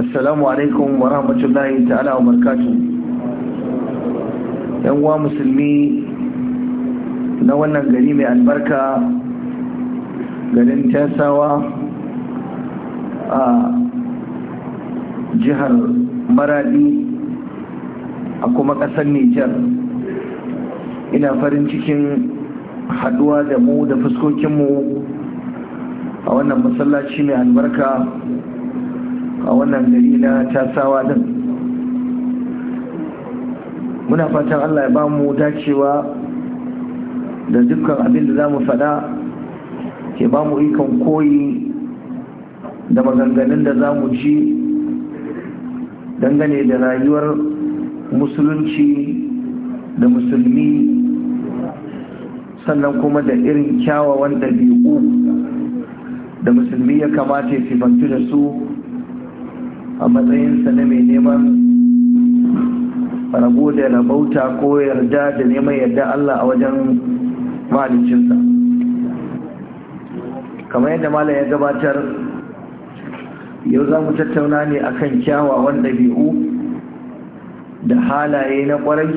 assalamu alaikum wa rahmatullahi ta'ala wa barkatu yan uwa musulmi na wannan gari mai albarka garin tasawa a jihar maradi a kuma ƙasar nijar ina farin cikin haɗuwa da mu da fuskokinmu a wannan masallaci mai albarka a wannan gari na tasawa din muna fatan allah ya ba mu dacewa da dukkan abin da za mu faɗa ke ba mu ikon koyi da maganganun da za mu ji dangane da rayuwar musulunci da musulmi sannan kuma da irin kyawawan ɗabi'u da musulmi ya kamata ya sifantu da su a matsayinsa na mai neman rabo da rabauta ko yarda da neman yarda Allah a wajen malicinsa kamar yadda malam ya gabatar yau za mu tattauna ne a akan kyawawan ɗabi'u da halaye na kwarai,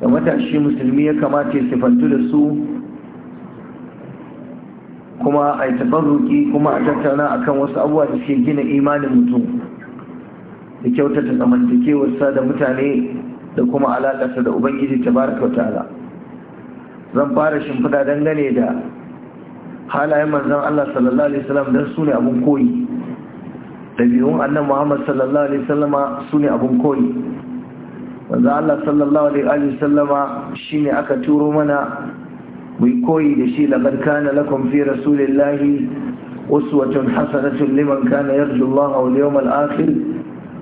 da matashi musulmi ya kamata ya sifantu da su kuma a yi tabarruki kuma a tattauna akan wasu abubuwa da suke gina imanin mutum da kyautata zamantakewarsa da mutane da kuma alaƙarsa da ubangiji ta baraka ta'ala zan fara shimfiɗa dangane da halayen manzan Allah sallallahu alaihi wasallam don su ne abin koyi ɗabi'un annan Muhammad sallallahu alaihi wasallama su ne abin koyi manzan Allah sallallahu alaihi wasallama shi ne aka turo mana mu koyi da shi laqad kana lakum fi rasulillahi uswatun hasanatun liman kana yarju Allah wal al akhir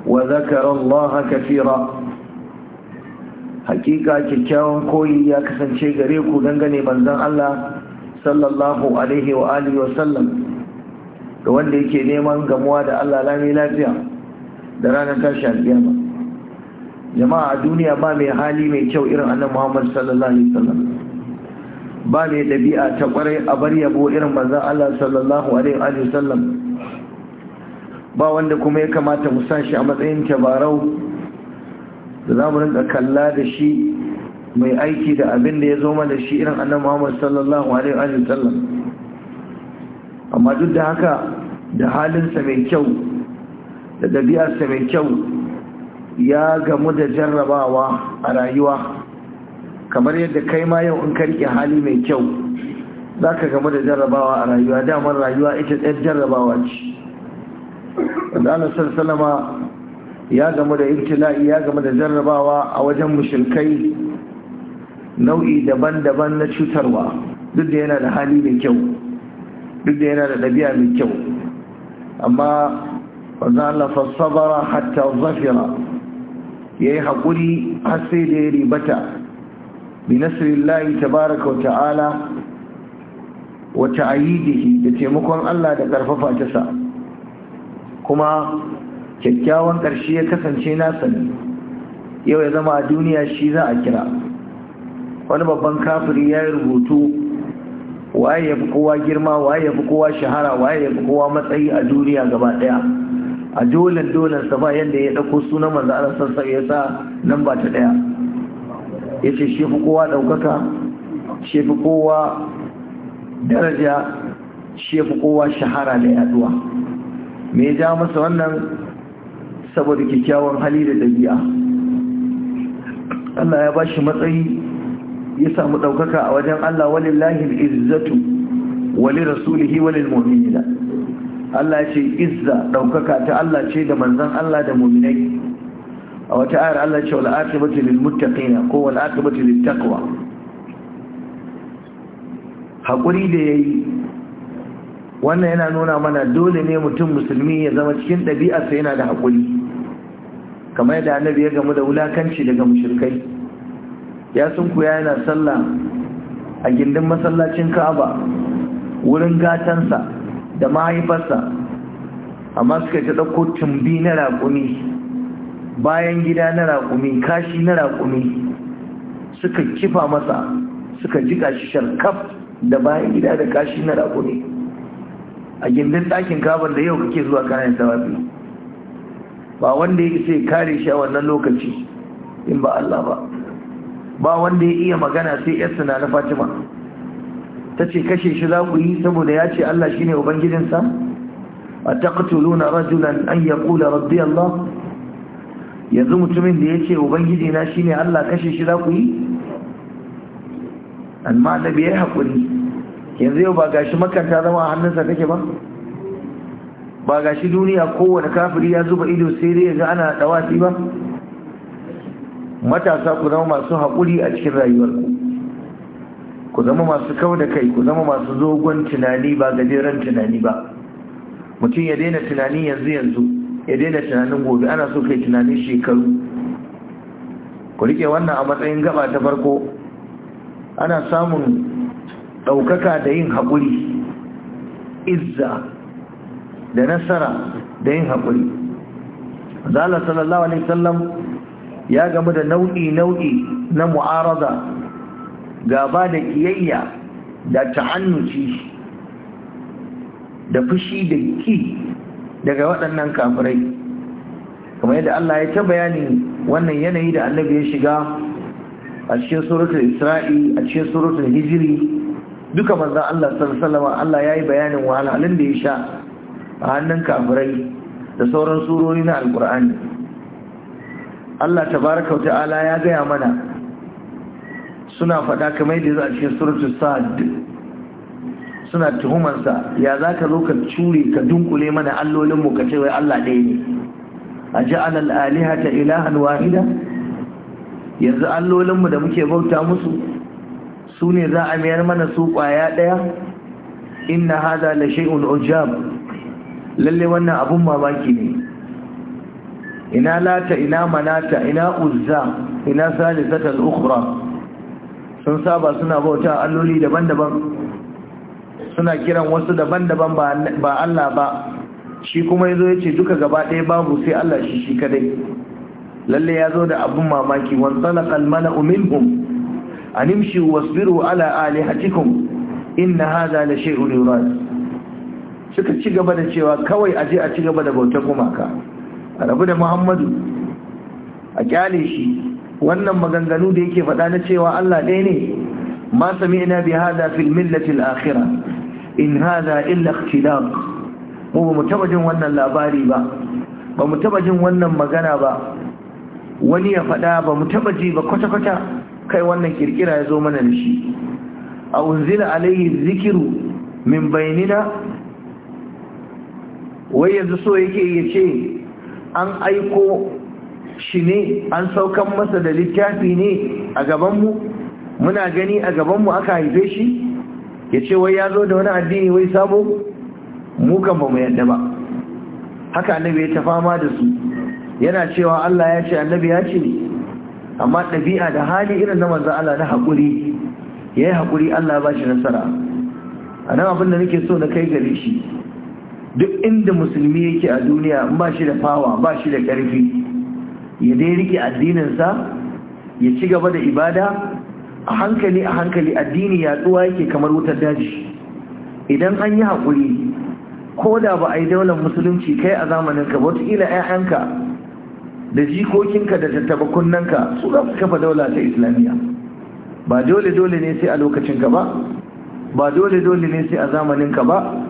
wa dhakara Allah kathira hakika kyakkyawan koyi ya kasance gare ku dangane manzon Allah sallallahu alaihi wa alihi wa sallam ga wanda yake neman gamuwa da Allah lami lafiya da ranar tashi alƙiyama jama'a a duniya ba mai hali mai kyau irin annabi Muhammad sallallahu alaihi wa sallam. ba ne ɗabi'a ta ƙwarai a bar yabo irin manzan Allah sallallahu alaihi wa sallam ba wanda kuma ya kamata mu san shi a matsayin tabarau da za mu rinka kalla da shi mai aiki da abin da ya zo mana shi irin annan Muhammad sallallahu alaihi wa sallam amma duk da haka da halinsa mai kyau da ɗabi'arsa mai kyau ya gamu da jarrabawa a rayuwa kamar yadda kai ma yau in ka rike hali mai kyau za ka gama da jarrabawa a rayuwa damar rayuwa ita ɗan jarrabawa ce wanda salama ya gama da ibtila'i ya gama da jarrabawa a wajen mushrikai nau'i daban-daban na cutarwa duk da yana da hali mai kyau duk da yana da ɗabi'a mai kyau amma wanda Allah fassabara hatta zafira ya yi haƙuri har sai da ya ribata بنصر الله تبارك وتعالى وتعييده يتيمكم الله تكرفف أتسع كما كيكاوان كرشية كسن شينا سن يو يزمع دنيا الشيزة أكرا ونبا بنكافري يا rubutu, waye ya fi kowa girma waye ya fi kowa shahara waye ya fi kowa matsayi a duniya gaba daya a dolen dolen sa ba yadda ya dauko sunan manzo Allah nan ba ta daya Yace shi fi kowa ɗaukaka shi fi kowa daraja shi fi kowa shahara da yaduwa me ya ja masa wannan saboda kikkiawan hali da ɗabi'a Allah ya bashi matsayi ya samu ɗaukaka a wajen Allah walillahi izzatu wali rasulihi walil mu'minina Allah ya ce izza ɗaukaka ta Allah ce da manzon Allah da mu'minai a wata ayar Allah ya ce wal akibatu lil muttaqina ko wal akibatu lit taqwa hakuri da yayi wannan yana nuna mana dole ne mutum musulmi ya zama cikin sai yana da hakuri kamar yadda annabi ya gamu da wulakanci daga mushrikai ya ku yana sallah a gindin masallacin Ka'aba wurin gatansa da mahaifarsa amma suka ta ɗauko tumbi na raƙumi bayan gida na raƙumi kashi na raƙumi suka kifa masa suka jika shi sharkaf da bayan gida da kashi na raƙumi a gindin ɗakin kabar da yau kake zuwa kayan tawafi ba wanda ya isa ya kare shi a wannan lokaci in ba Allah ba ba wanda ya iya magana sai yarsa na Fatima ta ce kashe shi za ku yi saboda ya ce Allah shi shine ubangijinsa a na rajulan an yaqula rabbi Allah yanzu mutumin da ya ce ubangiji na shi ne Allah kashe shi za ku yi amma annabi ya haƙuri yanzu yau ba gashi makanta zama a hannunsa kake ba ba gashi duniya kowane kafiri ya zuba ido sai dai ya ga ana dawasi ba matasa ku zama masu haƙuri a cikin rayuwarku ku zama masu kau da kai ku zama masu zogon tunani ba gajeren tunani ba mutum ya daina tunani yanzu yanzu ya daina tunanin gobe ana so kai tunanin shekaru ku rike wannan a matsayin gaba ta farko ana samun ɗaukaka da yin haƙuri izza da nasara da yin haƙuri zala sallallahu alaihi sallam ya gamu da nau'i-nau'i na mu'arada gaba da kiyayya da ta'annuci da fushi da ki daga waɗannan kafirai kamar yadda Allah ya ta bayani wannan yanayi da annabi ya shiga a cikin suratul isra'i a cikin suratul hijiri duka manzon Allah sallallahu Allah ya yi bayanin wahalhalun da ya sha a hannun kafirai da sauran surori na alkur'ani Allah baraka wa ta'ala ya gaya mana suna faɗa kamar yadda ya zo a cikin suratul sa'd suna tuhumarsa, ya za ka zo ka cure ka dunkule mana allolinmu ka ce wai Allah ɗaya ne a ji alal ta ilahan wahida yanzu allolinmu da muke bauta musu su ne za a mayar mana su ƙwaya ɗaya inna hada da shay'un ujab lalle wannan abun mamaki ne ina lata ina manata ina uzza ina salisatal ukhra sun saba suna bauta alloli daban-daban suna kiran wasu daban-daban ba Allah ba shi kuma ya zo ya ce duka gaba ɗaya babu sai Allah shi shi kadai lalle ya zo da abun mamaki wan kalmana mala'u minhum an imshu wasbiru ala alihatikum inna hadha la shay'un yurad suka ci gaba da cewa kawai aje a ci gaba da bautar gumaka a rabu da Muhammadu a kyale shi wannan maganganu da yake faɗa na cewa Allah ɗaya ne ma ina bi haza fil millatil al-akhirah in hada illa ikhtilaq mu ba mu jin wannan labari ba ba mu taba jin wannan magana ba wani ya faɗa ba mu taba ji ba kwata-kwata kai wannan kirkira ya zo mana da shi a unzila alaihi zikiru min bainina wai yanzu so yake ya ce an aiko shi ne an saukan masa da littafi ne a gabanmu muna gani a gabanmu aka haife shi ya ce wai ya zo da wani addini wai sabo muka ba mu yadda ba haka annabi ya ta fama da su yana cewa Allah ya ce annabi ya ce amma ɗabi'a da hali irin na manzan Allah na haƙuri ya yi haƙuri Allah ba shi nasara a nan abin da nake so na kai gare shi duk inda musulmi yake a duniya ba shi da fawa ba shi da ƙarfi ya dai rike addininsa ya ci gaba da ibada a hankali a hankali addini yaɗuwa yake kamar wutar daji idan an yi haƙuri ko da ba a yi daular musulunci kai a zamaninka wataƙila 'ya'yanka da jikokinka da tattabakunanka su za su kafa daula ta islamiyya ba dole-dole ne sai a lokacinka ba ba dole-dole ne sai a zamaninka ba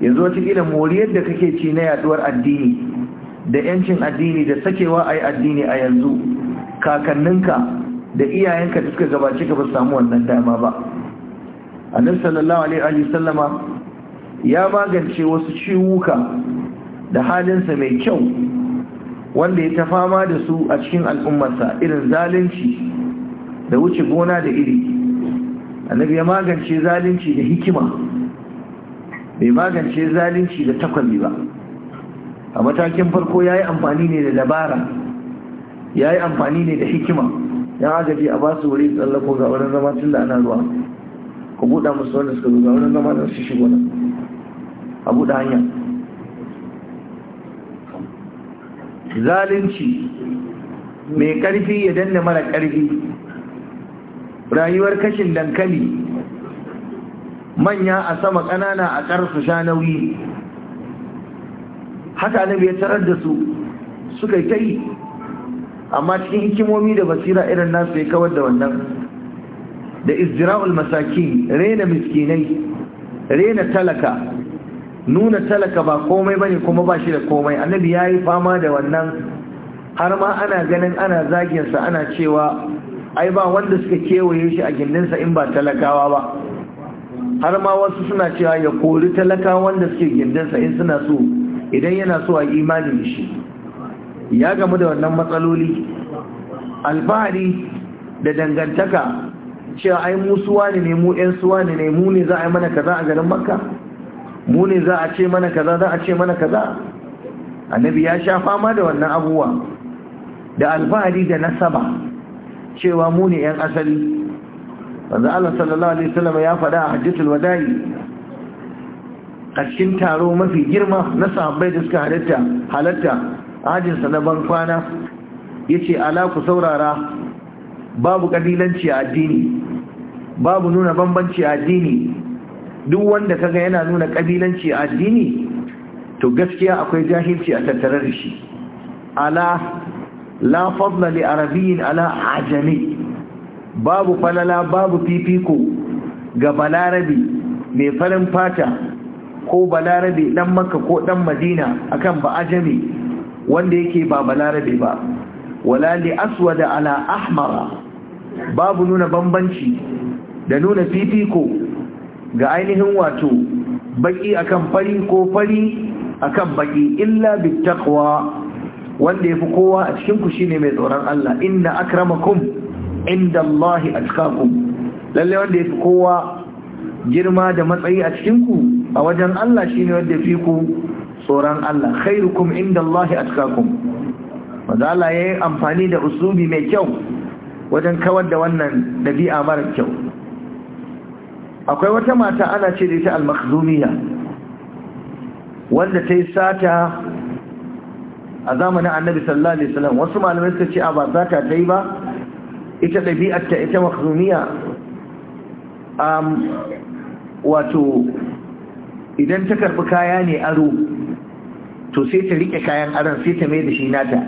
yanzu wataƙila moriyar da kake ci na yaduwar addini da 'yancin addini da sakewa a yi addini a yanzu kakanninka da iyayenka da suka gabace ka ba samu wannan dama ba annabi sallallahu alaihi Wasallama ya magance wasu ciwuka da halinsa mai kyau wanda ya ta fama da su a cikin al'ummarsa irin zalunci da wuce gona da iri annabi ya magance zalunci da hikima bai magance zalunci da takwalli ba a matakin farko ya yi amfani ne da dabara ya yi amfani ne da hikima yan agaji a basu wuri tsallako ga wurin zama tun da ana ruwa ku buɗa musu wanda suka zo ga wurin zama don su shigo nan a buɗe hanya zalunci mai ƙarfi ya danne mara ƙarfi rayuwar kashin dankali manya a sama ƙanana a ƙarfi sha nauyi haka ne bai tarar da su suka yi ta yi amma cikin hikimomi da basira irin nasu ya kawar da wannan da izdira'ul masaki rena miskinai rena talaka nuna talaka ba komai bane kuma ba shi da komai annabi ya yi fama da wannan har ma ana ganin ana zaginsa ana cewa ai ba wanda suka kewaye shi a gindinsa in ba talakawa ba har ma wasu suna cewa ya kori talaka wanda suke gindinsa in suna so idan yana so a imani shi ya gamu da wannan matsaloli alfahari da dangantaka cewa ai mu suwa ne mu ɗan suwa ne mu ne za a yi mana kaza a garin makka mu ne za a ce mana kaza za a ce mana kaza annabi ya sha fama da wannan abuwa. da alfahari da nasaba cewa mu ne ƴan asali wanda Allah sallallahu alaihi wasallam ya faɗa a hajjatul wada'i a cikin taro mafi girma na sahabbai da suka halatta halatta ajinsa na ban kwana yace ala ku saurara babu kabilanci a addini babu nuna bambanci a addini duk wanda kaga yana nuna kabilanci a addini to gaskiya akwai jahilci a tattare da shi ala la fadla li arabiyyin ala ajami babu falala babu fifiko ga balarabi mai farin fata ko Balarabi dan makka ko dan madina akan ba ajami wanda yake ba balarabe ba wala li aswada ala ahmara babu nuna bambanci da nuna fifiko ga ainihin wato baki akan fari ko fari akan baki illa bittaqwa wanda yafi kowa a cikin ku shine mai tsoron Allah inna akramakum inda Allah atqakum lalle wanda yafi kowa girma da matsayi a cikinku, a wajen Allah shine wanda yafi ku tsoron Allah khairukum inda Allah atkakum wanda Allah ya yi amfani da usubi mai kyau wajen kawar da wannan dabi'a mara kyau akwai wata mata ana ce da ita al-makhzumiya wanda ta yi sata a zamanin annabi sallallahu alaihi wasallam wasu malamai suka ce a ba sata ta yi ba ita dabi'ar ta ita makhzumiya um wato idan ta karbi kaya ne aro to sai ta rike kayan aran sai ta mai da shi nata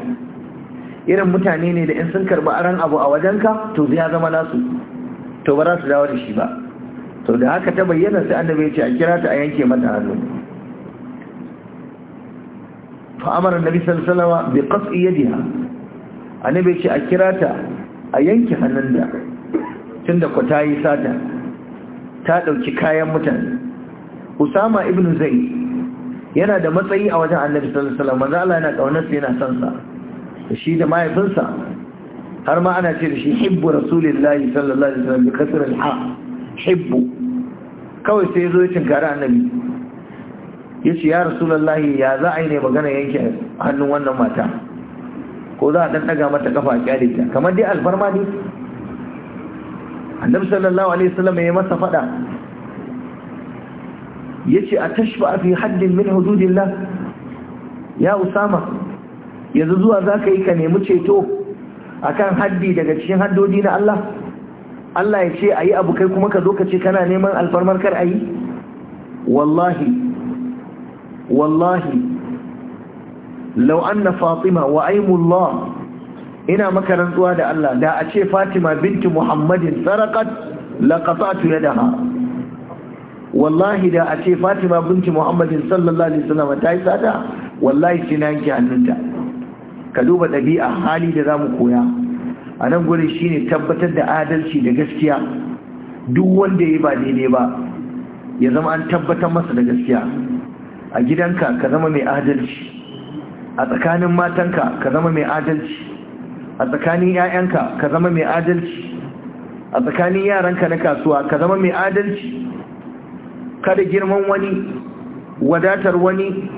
irin mutane ne da in sun karɓi aran abu a wajenka to ya zama nasu to ba za su dawo da shi ba to da haka ta bayyana sai annabi ya ce a kira ta a yanke mata hannu fa amara nabi sallallahu alaihi wasallam bi qas'i yadiha annabi ya ce a kira ta a yanke hannun da. tunda ku ta yi sata ta dauki kayan mutane usama ibnu zaid yana da matsayi a wajen annabi sallallahu alaihi wasallam manzo Allah yana kaunarsa yana son sa shi da mahaifinsa har ma ana ce da shi hibbu rasulillahi sallallahu alaihi wasallam bi kasr al-ha hibbu kawai sai zo ya tinkara annabi yace ya rasulullahi ya za a yi ne magana yanke hannun wannan mata ko za a dan daga mata kafa a kyale ta kamar dai alfarma ne annabi sallallahu alaihi wasallam ya masa fada yace a tashfa fi haddin min hududillah ya usama yanzu zuwa zaka yi ka nemi ceto akan haddi daga cikin haddodi na Allah Allah ya ce ayi abu kai kuma ka zo ka ce kana neman alfarmar kar ayi wallahi wallahi law anna fatima wa aimullah ina maka rantsuwa da Allah da a ce fatima binti muhammadin sarakat ya yadaha wallahi da a ce fatima binti muhammadin sallallahu alaihi wasallam ta yi tsada wallahi sai na yanke hannunta ka duba ɗabi'a hali da zamu koya a nan gurin shine tabbatar da adalci da gaskiya duk wanda ya ba daidai ba ya zama an tabbatar masa da gaskiya a gidanka ka zama mai adalci a tsakanin matanka ka zama mai adalci a tsakanin 'ya'yanka ka zama mai adalci a tsakanin yaranka na kasuwa ka zama mai adalci kada girman wani wadatar wani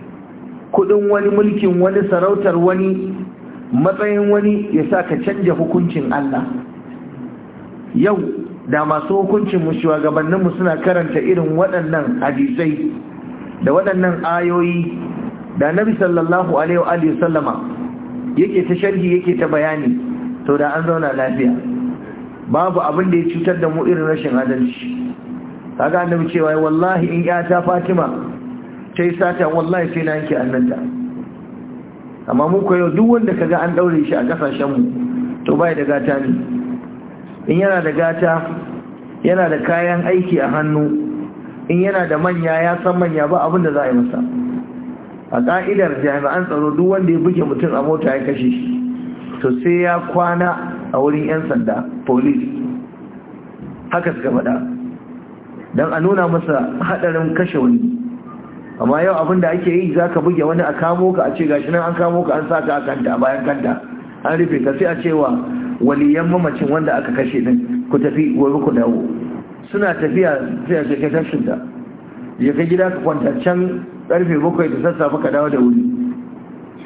kudin wani mulkin wani sarautar wani matsayin wani ya sa ka canja hukuncin Allah yau da masu hukuncin mu shugabanninmu suna karanta irin waɗannan hadisai da waɗannan ayoyi da nabi sallallahu alaihi wa sallama yake ta sharhi yake ta bayani to da an zauna lafiya babu abin da ya cutar da mu irin rashin adalci kaga annabi cewa wallahi in yata fatima sai sata wallahi sai na yanke annanta amma ko yau duk wanda kaga an daure shi a kasashen mu to bai da gata ne in yana da gata yana da kayan aiki a hannu in yana da manya ya san manya ba abin da za a yi masa a ka'idar jami'an tsaro duk wanda ya buge mutum a mota ya kashe shi to sai ya kwana a wurin 'yan sanda police haka suka faɗa don a nuna masa hadarin kashe wani amma yau abin da ake yi za ka buge wani a kamo ka a ce gashi nan an kamo ka an sa ka a kanta bayan kanta an rufe ka sai a cewa waliyan mamacin wanda aka kashe din ku tafi gobe ku dawo suna tafiya sai a shekai tashin ta ya ka gida ka kwanta can karfe bakwai da sassafe ka dawo da wuri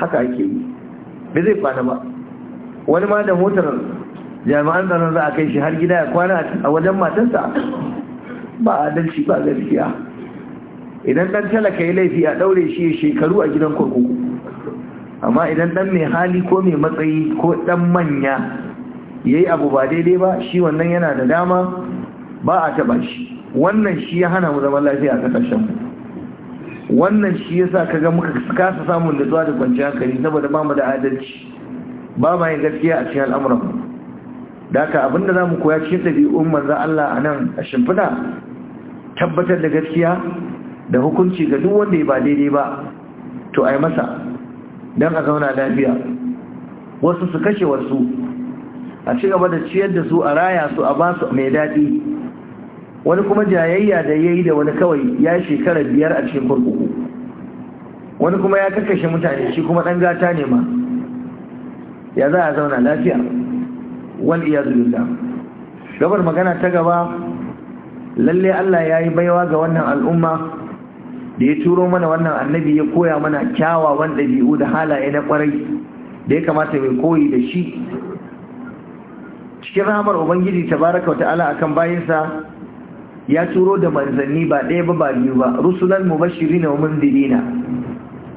haka ake yi ba zai kwana ba wani ma da motar jami'an tsaron za a kai shi har gida ya kwana a wajen matarsa ba adalci ba gaskiya idan dan talaka ya laifi a daure shi shekaru a gidan kurkuku amma idan dan mai hali ko mai matsayi ko dan manya yayi abu ba daidai ba shi wannan yana da dama ba a taba shi wannan shi ya hana mu zaman lafiya a mu wannan shi yasa ga muka kasa samun da zuwa da kwanciyar hankali saboda ba mu da adalci ba ma yin gaskiya a cikin al'amuran da haka abinda za mu koya cikin ɗabi'un manzan Allah a nan a shimfida? tabbatar da gaskiya da hukunci ga duk wanda ya ba daidai ba to ai masa don a zauna lafiya wasu su kashe wasu a ci gaba da ciyar da su a raya su a ba su mai daɗi wani kuma jayayya da ya yi da wani kawai ya shekara biyar a cikin kurkuku wani kuma ya karkashe mutane shi kuma ɗan gata ne ma ya za a zauna lafiya wani iya zuwa gabar magana ta gaba lalle Allah ya yi baiwa ga wannan al'umma da ya turo mana wannan annabi ya koya mana kyawawan ɗabi'u da halaye na kwarai da ya kamata mai koyi da shi cikin rahamar ubangiji tabaraka wa ta'ala akan bayansa ya turo da manzanni ba ɗaya ba ba biyu ba rusulan na wa mundirina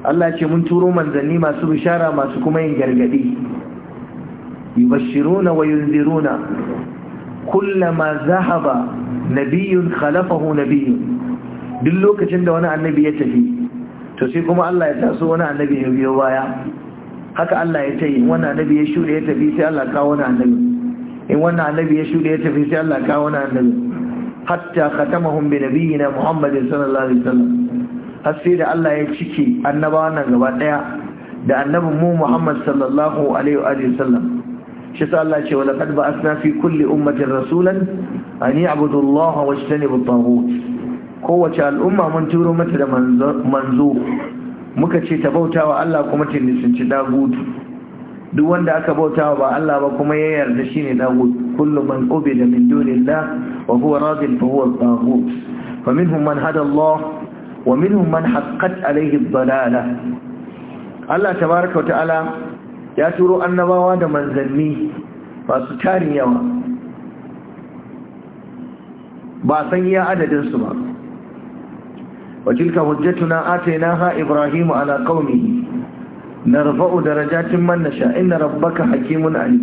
Allah ce mun turo manzanni masu bishara masu kuma yin gargadi yubashiruna wa yunziruna kullama zahaba nabiyun khalafahu nabiyun duk lokacin da wani annabi ya tafi to sai kuma Allah ya taso wani annabi ya biyo baya haka Allah ya ce wani annabi ya shude ya tafi sai Allah kawo wani annabi in wani annabi ya shude ya tafi sai Allah kawo wani annabi hatta khatamahum bi nabiyina Muhammadin sallallahu alaihi wasallam har sai da Allah ya cike annabawan nan gaba daya da annabin mu Muhammad sallallahu alaihi wa sallam shi sa Allah ce wala qad ba'athna fi kulli ummatin rasulan an ya'budu Allah wa yajtanibu at-taghut kowace al'umma mun turo mata da manzo muka ce ta bautawa Allah kuma ta nisanci dagutu duk wanda aka bautawa ba Allah ba kuma ya yarda shine dagut kullu man ubida min dunillah wa huwa radin fa huwa taghut faminhum man hada Allah wa minhum man haqqat alayhi ad-dalalah Allah tabaaraka wa ta'ala ya turo annabawa da manzanni masu tarin yawa ba san iya adadinsu ba wajilka hujjatuna atena ha ibrahimu ala kaumi na rufa'u darajatin mannasha ina rabbaka hakimun ali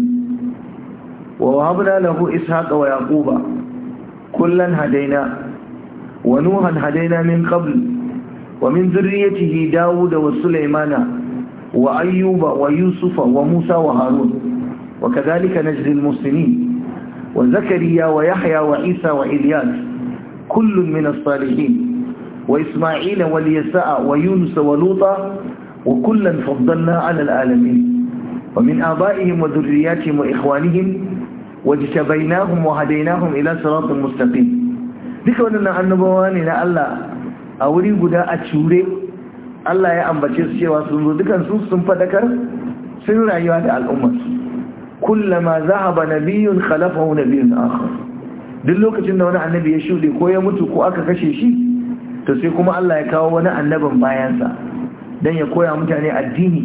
wa wahabna lahu ishaqa wa yaquba kullan hadaina wa nuhan hadaina min qabl wa min dhurriyyatihi dawuda wa sulaymana وأيوب ويوسف وموسى وهارون وكذلك نجزي المسلمين وزكريا ويحيى وعيسى وإلياس كل من الصالحين وإسماعيل واليساء ويونس ولوطا وكلا فضلنا على العالمين ومن آبائهم وذرياتهم وإخوانهم واجتبيناهم وهديناهم إلى صراط مستقيم ذكرنا أن نبواننا الله أولي قداء تشوري Allah ya ambace su cewa sun zo dukansu sun fadakar sun rayuwa da al'ummarsu kullama zahaba nabiyun khalafahu nabiyun akhar duk lokacin da wani annabi ya shude ko ya mutu ko aka kashe shi to sai kuma Allah ya kawo wani annabin bayansa dan ya koya mutane addini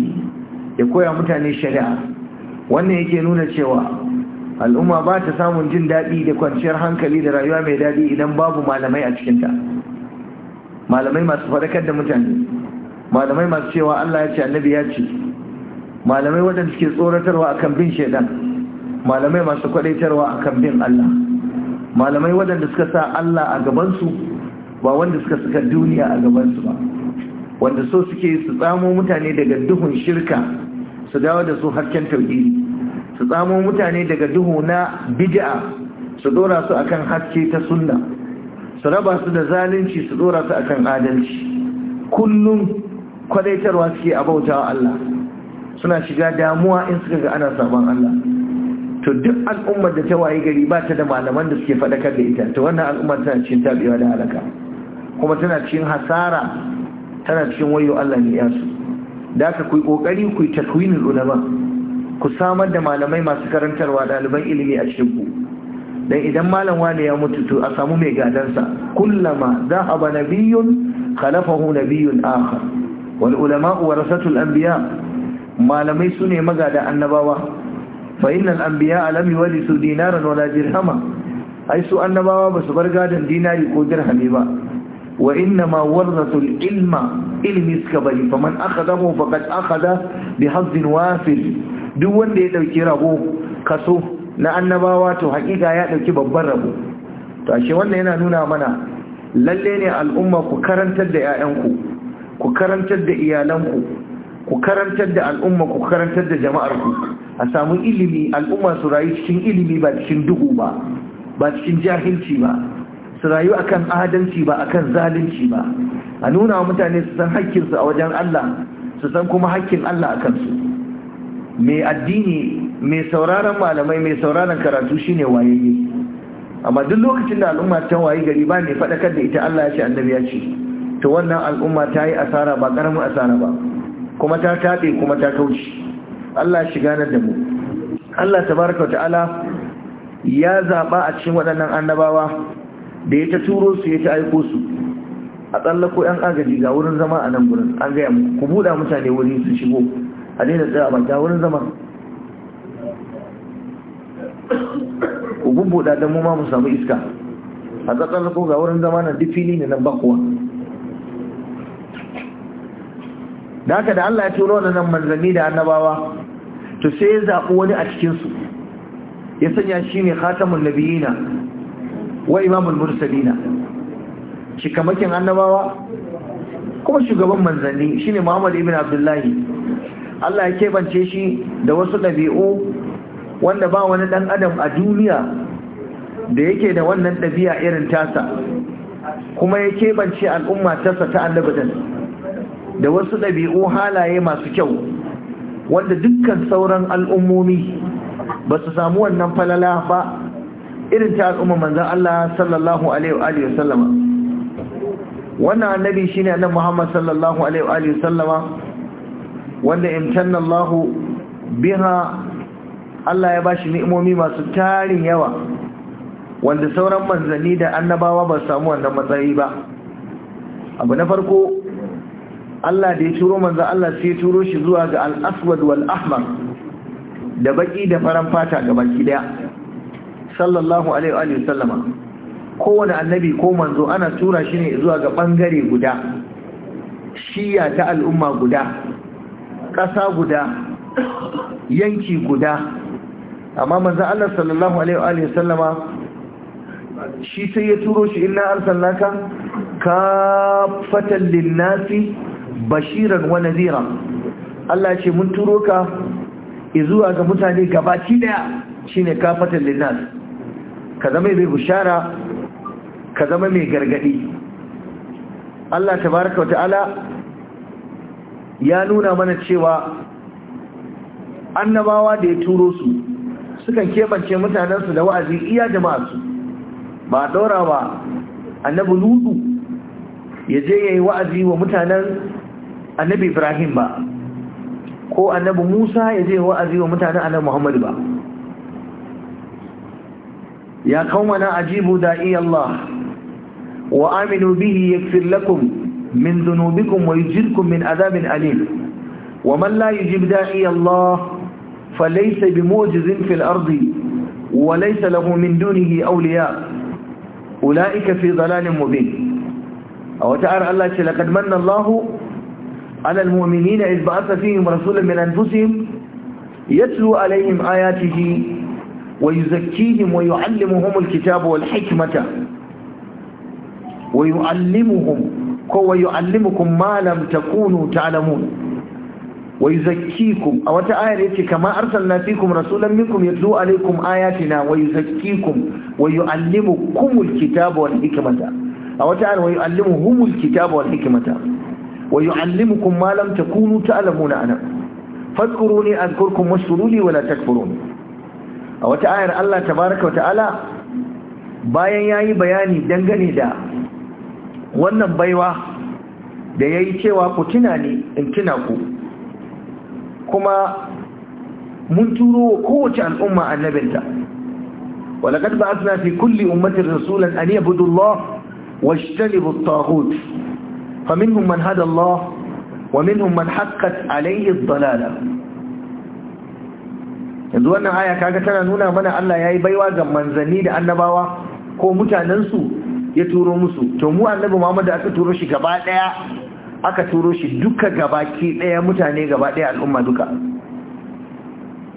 ya koya mutane shari'a wannan yake nuna cewa al'umma ba ta samun jin daɗi da kwanciyar hankali da rayuwa mai daɗi idan babu malamai a cikinta malamai masu faɗakar da mutane malamai masu cewa Allah ya ce annabi ya ce malamai waɗanda suke tsoratarwa akan bin shaidan malamai masu kwadaitarwa akan bin Allah malamai waɗanda suka sa Allah a gabansu ba wanda suka saka duniya a gabansu ba wanda so suke su tsamo mutane daga duhun shirka su dawo da su harken tauhidi su tsamo mutane daga duhu na bid'a su dora su akan haske ta sunna su raba su da zalunci su dora su akan adalci kullum kwadaitarwa suke a bautawa Allah suna shiga damuwa in suka ga ana sabon Allah to duk al'ummar da ta waye gari ba ta da malaman da suke faɗakar da ita to wannan al'ummar tana cikin tabewa da halaka kuma tana cikin hasara tana cikin wayo Allah ne yasu da aka kuyi kokari ku takwinin ulama ku samar da malamai masu karantarwa ɗaliban ilimi a cikin ku dan idan malam wani ya mutu to a samu mai gadansa kullama zahaba nabiyyun khalafahu nabiyyun akhar wal ulama warasatul anbiya malamai su ne magada annabawa fa innal anbiya lam yuwarisu dinaran wala dirhama ai su annabawa ba su bar gadon dinari ko dirhami ba wa innama warasatul ilma ilmi suka bari faman akhadahu faqad akhadha bihazzin wafil duk wanda ya dauki rabo kaso na annabawa to hakika ya dauki babban rabo Tashe ashe wannan yana nuna mana Lallai ne al'umma ku karantar da 'ya'yanku ku karantar da iyalanku ku karantar da al'umma ku karantar da jama'arku a samu ilimi al'umma su rayu cikin ilimi ba cikin duhu ba ba cikin jahilci ba su rayu akan adalci ba akan zalunci ba a nuna wa mutane su san hakkinsu a wajen Allah su san kuma hakkin Allah a kansu mai addini mai sauraron malamai mai sauraron karatu shine wayayye amma duk lokacin da al'umma ta wayi gari ba ne faɗakar da ita Allah ya ce annabi ya ce to wannan al'umma ta yi asara ba karamin asara ba kuma ta taɓe kuma ta kauce Allah shiga nan da mu Allah tabaraka wa ta'ala ya zaɓa a cikin waɗannan annabawa da ya ta turo su ya ta aiko su a tsallako 'yan agaji ga wurin zama a nan gurin an gaya mu ku buɗa mutane wuri su shigo a daina tsaya ba ga wurin zama ku bubbuɗa don mu ma mu samu iska a tsallako ga wurin zama na duk fili ne nan ba kowa da haka da Allah ya turo wannan manzanni da annabawa to sai ya zaɓi wani a cikin su ya sanya shi ne khatamun nabiyina wa imamul mursalina shikamakin annabawa kuma shugaban manzanni shine Muhammad ibn Abdullahi Allah ya keɓance shi da wasu ɗabi'u wanda ba wani ɗan adam a duniya da yake da wannan ɗabi'a irin tasa kuma ya keɓance al'umma tasa ta annabawa da wasu ɗabi'u halaye masu kyau wanda dukkan sauran al'ummomi ba su samu wannan falala ba irin ta al'umma manzan Allah sallallahu alaihi wasallama wannan annabi ne annan Muhammad sallallahu alaihi wasallama wanda canna Allah biha Allah ya ba shi ni'imomi masu tarin yawa wanda sauran manzanni da annabawa ba samu wannan matsayi ba abu na farko Allah da ya turo manzo Allah sai ya turo shi zuwa ga al-aswad wal ahmar da baki da faran fata ga baki daya sallallahu alaihi wa sallama kowane annabi ko manzo ana tura shi ne zuwa ga bangare guda shiya ta al'umma guda ƙasa guda yanki guda amma manzo Allah sallallahu alaihi wa sallama shi sai ya turo shi inna arsalnaka kafatan lin-nasi bashiran wa Nazira, Allah ce mun turo ka Izuwa ga mutane gabaci daya shine kafatan linnas ka zama mai bushara ka zama mai gargadi Allah tabaraka ta'ala ya nuna mana cewa annabawa da ya turo su sukan kebance mutanensu da wa'azi iya jama'a su ba dora ba annabi ludu ya je yayi wa'azi wa mutanen annabi ibrahim ba ko annabi musa ya je wa'azi wa mutane annabi muhammad ba ya kawo mana ajibu da iyallah wa aminu bihi ya lakum min zunubikun wa jirkun min azabin alim wa malla yi da iyallah falaisa bi mojizin fil'ardi wa laisa lahu min dunihi auliya ula'ika fi zalalin bin. a wata ara Allah ce laƙadmanin Allahu على المؤمنين إذ بعث فيهم رسولا من أنفسهم يتلو عليهم آياته ويزكيهم ويعلمهم الكتاب والحكمة ويعلمهم ويعلمكم ما لم تكونوا تعلمون ويزكيكم أو تعالى كما أرسلنا فيكم رسولا منكم يتلو عليكم آياتنا ويزكيكم ويعلمكم الكتاب والحكمة أو تعالى ويعلمهم الكتاب والحكمة wa yu'allimukum ma lam takunu ta'lamuna ana fadkuruni azkurkum washkuruni wala takfurun a wata ayar Allah tabaraka wa ta'ala bayan yayi bayani dangane da wannan baiwa da yayi cewa ku tuna ni in tuna ku kuma mun turo kowace al'umma annabinta ولقد بعثنا في كل أمة رسولا أن يعبدوا الله واجتنبوا الطاغوت فمنهم من هدى الله ومنهم من حقت عليه الضلالة yanzu wannan aya kaga tana nuna mana Allah yayi baiwa ga manzanni da annabawa ko mutanensu ya turo musu to mu annabi Muhammad aka turo shi gaba daya aka turo shi duka gabaki daya mutane gaba daya al'umma duka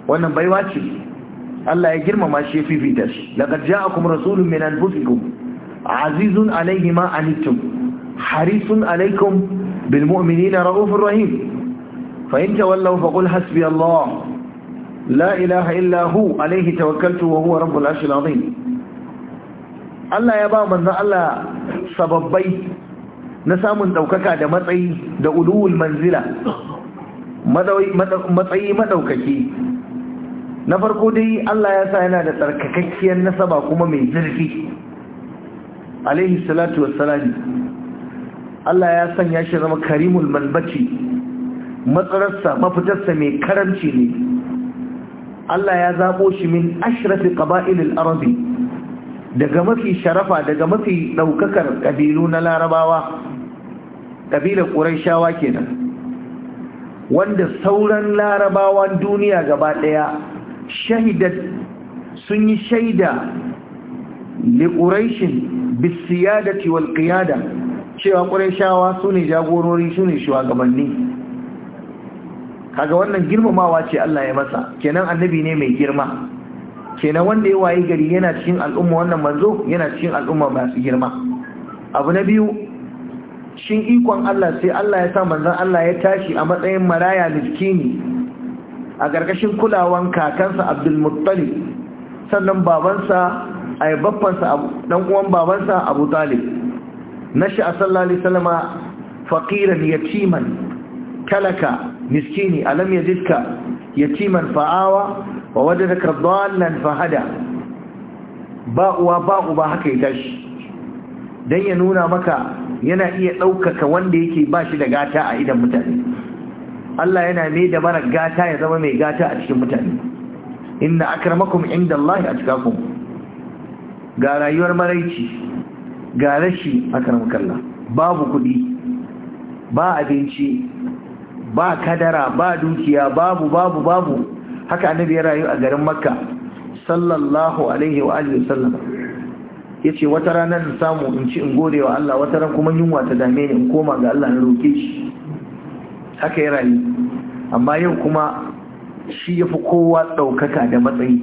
wannan baiwa ce Allah ya girmama shi ya fifita shi laqad ja'akum rasulun min anfusikum azizun alayhi ma anittum حريص عليكم بالمؤمنين رؤوف رحيم فإن تولوا فقل حسبي الله لا إله إلا هو عليه توكلت وهو رب العرش العظيم Allah ya ba manzan Allah sababbai na samun ɗaukaka da matsayi da uluwul manzila matsayi maɗaukaki na farko dai Allah ya sa yana da tsarkakakkiyar nasaba kuma mai zurfi alaihi salatu wassalami Allah ya sanya shi zama karimul malbaci matsararsa mafitarsa mai karanci ne Allah ya zaɓo shi min ashrafi qaba'ilil arabi daga mafi sharafa daga mafi ɗaukakar ƙabilu na larabawa ƙabilar ƙuraishawa kenan wanda sauran larabawan duniya gaba ɗaya shahidat sun yi shaida li ƙuraishin bisiyadati wal qiyada cewa ƙurashawa su ne jagorori su ne shugabanni kaga wannan girmamawa ce Allah ya masa kenan annabi ne mai girma kenan wanda ya wayi gari yana cikin al'umma wannan manzo yana cikin al'umma masu girma abu na biyu shin ikon Allah sai Allah ya sa manzan Allah ya tashi a matsayin maraya miskini a ƙarƙashin kulawan kakansa Abdul sannan babansa ay babbansa dan uwan babansa Abu Talib nasha sallallahu alaihi wasallama faqiran yatiman talaka, miskini alam yajidka yatiman fa'awa wa wajadaka dhallan fahada Ba'uwa uwa ba haka ya tashi dan ya nuna maka yana iya ɗaukaka wanda yake ba shi da gata a idan mutane Allah yana mai da mara gata ya zama mai gata a cikin mutane inna akramakum inda Allah a cikakum ga rayuwar maraici ga rashi a kalla babu kudi ba abinci ba kadara ba dukiya babu babu babu haka annabi ya rayu a garin makka sallallahu alaihi wa alihi sallam yace wata rana in samu in ci in gode wa Allah wata ran kuma yunwa ta dame ni in koma ga Allah na roke shi haka ya rayu amma yau kuma shi yafi kowa daukaka da matsayi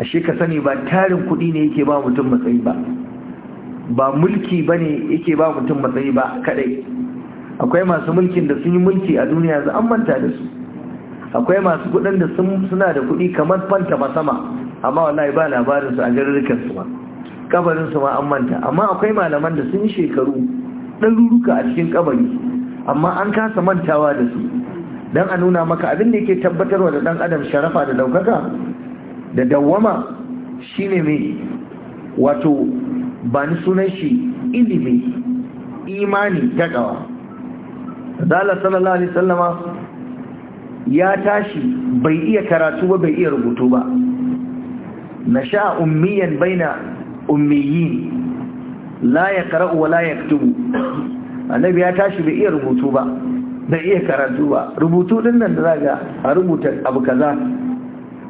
ashe ka sani ba tarin kudi ne yake ba mutum matsayi ba ba mulki ba ne yake ba mutum matsayi ba kadai akwai masu mulkin da sun yi mulki a duniya za an manta da su akwai masu kudin da suna da kudi kamar fanta ba sama amma wallahi ba labarinsu a garurrukan su ba kabarin su ma an manta amma akwai malaman da sun yi shekaru ɗaruruka a cikin kabari amma an kasa mantawa da su don a nuna maka abin da yake wa da dan adam sharafa da daukaka da dawwama shine mai wato ba ni sunan shi ilimi imani takawa zala sallallahu alaihi sallama ya tashi bai iya karatu ba bai iya rubutu ba na sha ummiyan baina ummiyin la ya kara'u wa la ya ktubu annabi ya tashi bai iya rubutu ba bai iya karatu ba rubutu din nan da ga a rubuta abu kaza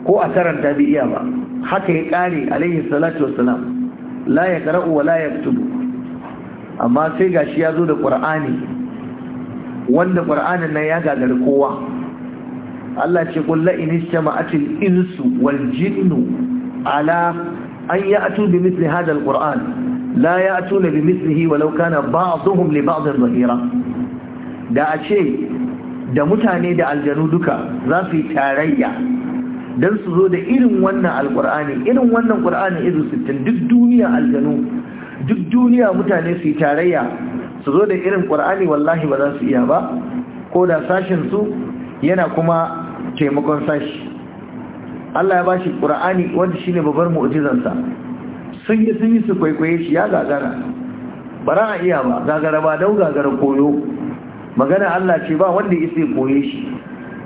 ko a karanta bai iya ba haka ya kare alaihi salatu wassalam la ya ƙara'u wa la ya amma sai gashi ya zo da ƙur'ani wanda ƙur'anin nan ya gagari kowa Allah ce kulla inista ma'atil insu wal jinnu ala an ya'tu bi mithli hadha al-qur'an la tuna bi mithlihi walau kana ba'dhum li ba'd dhahira da a ce da mutane da aljanu duka za su yi tarayya don su zo da irin wannan alkur'ani irin wannan kur'ani izu sittin duk duniya aljanu duk duniya mutane su tarayya su zo da irin kur'ani wallahi ba za su iya ba ko da sashin su yana kuma taimakon sashi Allah ya bashi kur'ani wanda shine babbar mu'jizansa sun yi sun yi su kwaikwaye shi ya gagara ba za a iya ba gagara ba dau gagara koyo magana Allah ce ba wanda ya sai koye shi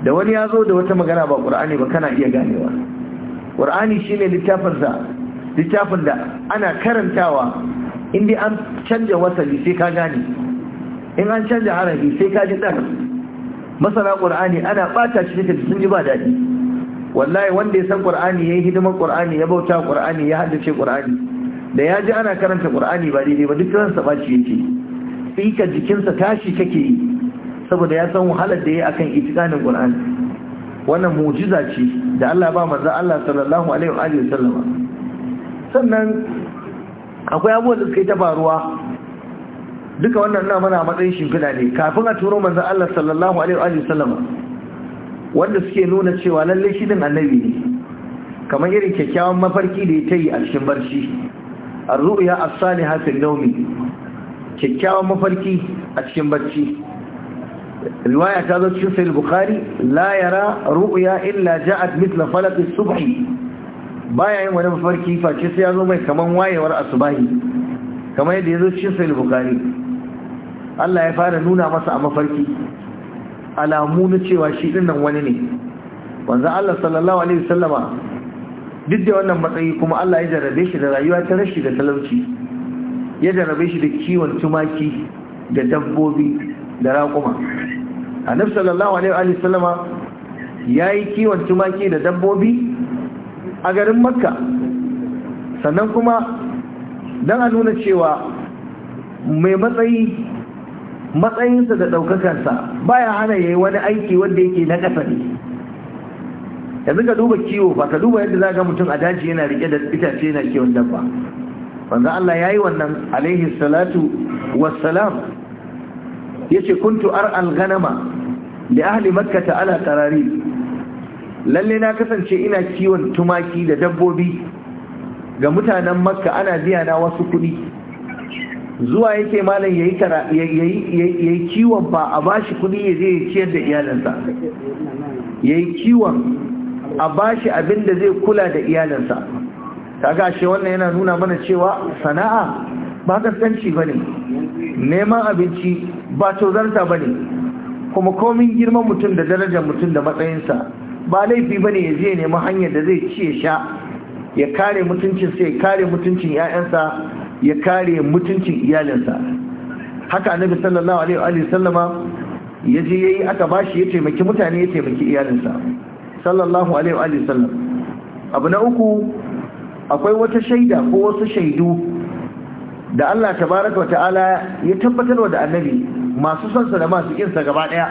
da wani ya zo da wata magana ba ƙur'ani ba kana iya ganewa ƙur'ani shi ne littafin da ana karantawa inda an canja wasali sai ka gane in an canja harafi sai ka ji ɗan masana ƙur'ani ana ɓata shi da sun ji ba daɗi wallahi wanda ya san ƙur'ani ya yi hidimar ƙur'ani ya bauta ƙur'ani ya haddace ƙur'ani da ya ji ana karanta ƙur'ani ba daidai ba duk ransa ɓaci yake tsika jikinsa tashi kake yi saboda ya san wahalar da ya akan itikanin Qur'ani wannan mu'jiza ce da Allah ba manzo Allah sallallahu alaihi wa alihi sallama sannan akwai abubuwa da suka yi ta faruwa duka wannan na mana matsayin shimfiɗa ne kafin a turo manzo Allah sallallahu alaihi wa alihi sallama wanda suke nuna cewa lalle shi din annabi ne kamar irin kyakkyawan mafarki da ya ta yi a cikin barci ar-ru'ya as-salihah fi nawmi kyakkyawan mafarki a cikin barci riwaya ta zo cikin sahih bukhari la yara illa ja mithla falaq as-subh baya yin wani mafarki face sai ya zo mai kaman wayewar asubahi kamar yadda ya zo cikin sahih bukhari Allah ya fara nuna masa a mafarki alamu na cewa shi dinnan wani ne wanzan Allah sallallahu alaihi wasallama duk da wannan matsayi kuma Allah ya jarrabe shi da rayuwa ta rashi da talauci ya jarrabe shi da kiwon tumaki da dabbobi da raƙuma annabi sallallahu alaihi wa sallama yayi kiwon tumaki da dabbobi a garin makka sannan kuma don a nuna cewa mai matsayi matsayinsa da ɗaukakarsa ya hana ya yi wani aiki wanda yake na ƙasa ne yanzu ka duba kiwo ba ka duba yadda za ga mutum a daji yana rike da itace yana kiwon dabba wanda Allah ya yi wannan alaihi salatu Salam. yace kuntu ar'al ghanama li ahli makkah ala qarari lalle na kasance ina kiwon tumaki da dabbobi ga mutanen makka ana biya na wasu kudi zuwa yake malam yayi yayi kiwon ba a bashi kudi ya ya ciyar da iyalansa yayi kiwon a bashi abin da zai kula da iyalansa kaga ashe wannan yana nuna mana cewa sana'a ba kasance bane neman abinci ba tozarta ba ne kuma komin girman mutum da darajar mutum da matsayinsa ba laifi ba ne ya je nemi hanyar da zai ciye sha ya kare mutuncinsa ya kare mutuncin 'ya'yansa ya kare mutuncin iyalinsa haka annabi sallallahu alaihi wa sallama ya je yayi aka bashi ya taimaki mutane ya taimaki iyalinsa sallallahu alaihi wa sallam abu na uku akwai wata shaida ko wasu shaidu da Allah tabaraka wa ta'ala ya wa da annabi masu son sa da masu sa gaba daya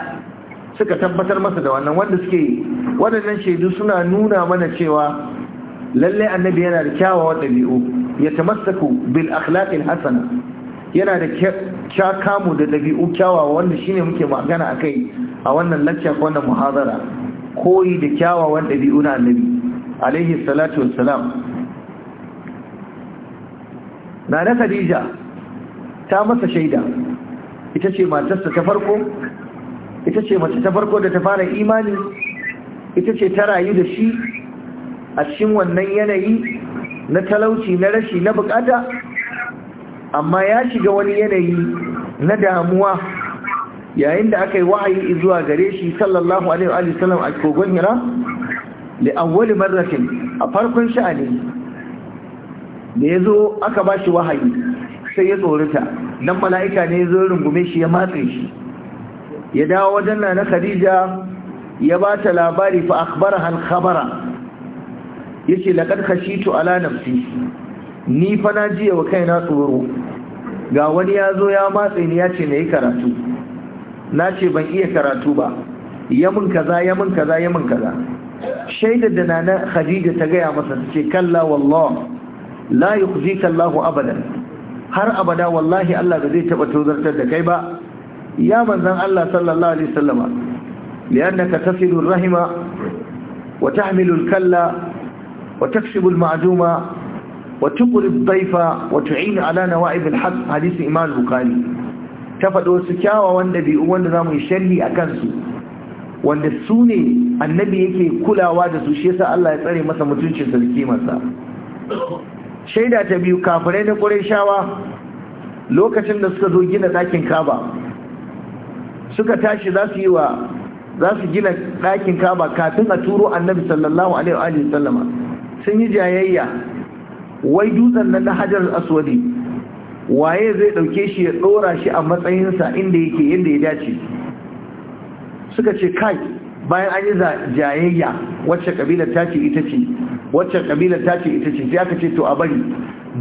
suka tabbatar masa da wannan wanda suke yi waɗannan shaidu suna nuna mana cewa lalle annabi yana da kyawawan ɗabi'u ya tamassaku bil al hasana yana da kamu da dabi'u kyawawa wanda shine muke magana akai a wannan lecture ko wannan muhadara koyi da kyawawan ɗabi'u na annabi alaihi salatu wassalam na da Khadija ta masa shaida ita ce matarsa ta farko ita ce mace ta farko da ta fara imani ita ce ta rayu da shi a cikin wannan yanayi na talauci na rashi na bukata amma ya shiga wani yanayi na damuwa yayin da aka yi wa'ayi zuwa gare shi sallallahu alaihi wa sallam a kogon hira da awwali marratin a farkon sha'ani da ya zo aka ba shi wahayi sai ya tsorita nan mala'ika ne zo rungume shi ya matse shi ya dawo wajen Nana khadija ya ba ta labari fa akhbaraha hal khabara yace laqad khashitu ala nafsi ni fa na jiya wa kaina tsoro ga wani ya zo ya matse ni ya ce na yi karatu na ce ban iya karatu ba yamin kaza yamin kaza yamin kaza shaidar da nana khadija ta gaya masa ta ce kalla wallah la yukhzika Allahu abadan har abada wallahi Allah ba zai taba tozartar da kai ba ya manzan Allah sallallahu alaihi wasallama li'annaka tasilu rahima wa tahmilu al-kalla wa takshibu al-ma'duma wa tuqri ad-dayfa wa tu'inu ala nawa'ib al-haq hadisi Imam Bukhari ta faɗo su kyawawan ɗabi'u wanda zamu yi sharhi a kansu wanda su ne annabi yake kulawa da su shi yasa Allah ya tsare masa mutuncin sarki masa shaida ta biyu kafirai na shawa lokacin da suka zo gina ɗakin kaba suka tashi za su yi wa za su gina ɗakin kaba kafin a turo annabi sallallahu alaihi sallama sun yi jayayya wai dutsen nan na hajar aswadi waye zai ɗauke shi ya ɗora shi a matsayinsa inda yake yadda ya dace suka ce kai bayan an yi jayayya wacce kabila ta ce ita ce wacce kabila ta ce ita ce sai aka ce to a bari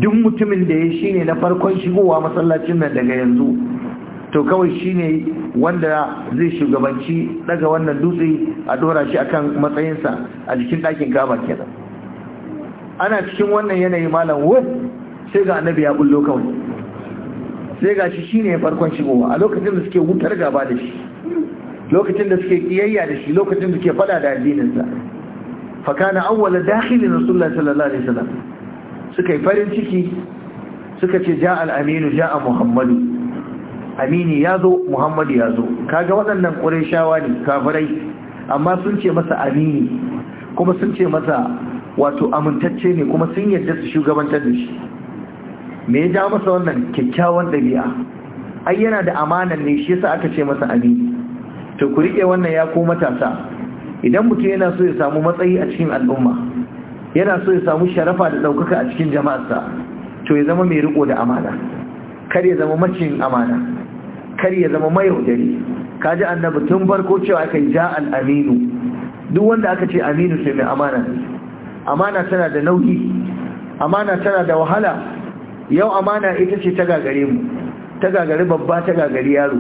duk mutumin da ya shine na farkon shigowa masallacin nan daga yanzu to kawai shine wanda zai shugabanci daga wannan dutse a dora shi akan matsayinsa a jikin ɗakin gaba kenan ana cikin wannan yanayi malam wuf sai ga annabi ya bullo kawai sai ga shi shine farkon shigowa a lokacin da suke wutar gaba da shi lokacin da suke kiyayya da shi lokacin da suke fada da addininsa fa kana awwala dakhilin rasulullahi sallallahu alaihi wasallam suka yi farin ciki suka ce ja al-aminu ja muhammadu amini ya zo muhammadu ya zo kaga waɗannan ƙureshawa ne kafirai amma sun ce masa amini kuma sun ce masa wato amintacce ne kuma sun yarda su shugabantar da shi me ya ja masa wannan kyakkyawan ɗabi'a ai yana da amanan ne shi yasa aka ce masa amini to ku riƙe wannan ya ko matasa idan mutum yana so ya samu matsayi a cikin al'umma yana so ya samu sharafa da ɗaukaka a cikin jama'arsa to ya zama mai riko da amana kar ya zama macin amana kar ya zama mayaudari ka ji annabi tun farko cewa aka ja ja al'aminu duk wanda aka ce aminu sai mai amana amana tana da nauyi amana tana da wahala yau amana ita ce ta gagare mu ta gagari babba ta gagari yaro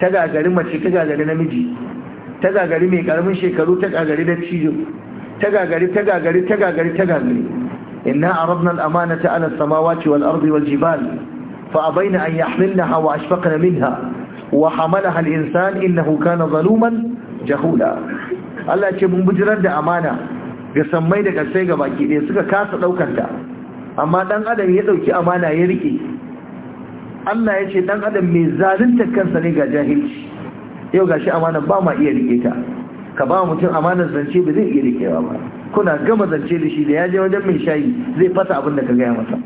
ta gagari mace ta gagari namiji ta gagari mai karamin shekaru ta gagari da cijo ta gagari ta gagari ta gagari ta gagari inna aradna al-amanata ala as-samawati wal ardi wal jibal fa abayna an yahmilnaha wa ashfaqna minha wa hamalaha al-insan innahu kana zaluman jahula Allah ce mun bujirar da amana ga sammai da kasai ga baki ɗaya suka kasa ɗaukar ta amma ɗan adam ya ɗauki amana ya rike Allah ya ce ɗan adam mai zalunta kansa ne ga jahilci yau shi amana ba ma iya rike ta ka ba mutum amanar zance ba zai iya rike ba kuna gama zance da shi da ya je wajen mai shayi zai fasa abin da ka gaya masa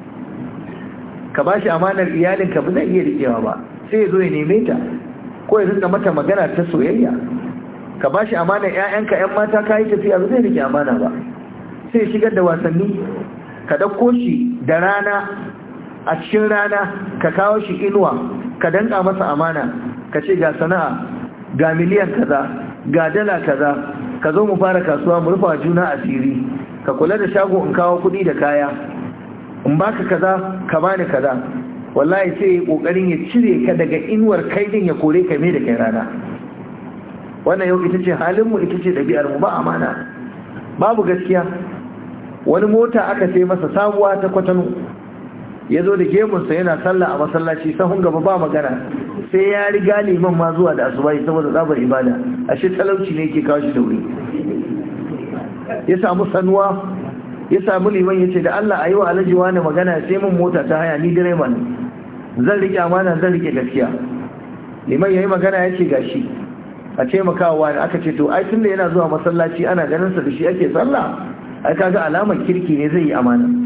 ka ba shi amanar iyalinka ba zai iya rike ba sai ya zo ya neme ta ko ya rinka mata magana ta soyayya ka ba shi amanar 'ya'yanka 'yan mata ka yi tafiya ba zai rike amana ba sai shigar da wasanni ka ɗauko shi da rana a cikin rana ka kawo shi inuwa ka danka masa amana ka ce ga sana'a ga miliyan kaza ga dala kaza ka zo mu fara kasuwa mu rufa juna asiri ka kula da shago in kawo kuɗi da kaya in baka kaza ka bani kaza wallahi sai ya kokarin ya cire ka daga inuwar kai din ya kore ka me da kai rana wannan yau ita ce halin mu ita ce dabi'ar mu ba amana babu gaskiya wani mota aka sai masa sabuwa ta kwatano ya zo da gemunsa yana sallah a masallaci sahun gaba ba magana sai ya riga liman ma zuwa da asubahi saboda tsabar ibada ashe talauci ne ke kawo shi da wuri ya samu sanuwa ya samu liman ya ce da Allah a yi wa alhaji wani magana sai mun mota ta haya ni direman zan rike amana zan rike gaskiya liman ya yi magana ya ce gashi a taimakawa ne aka ce to ai da yana zuwa masallaci ana ganin sa da shi ake sallah ai kaga alamar kirki ne zai yi amana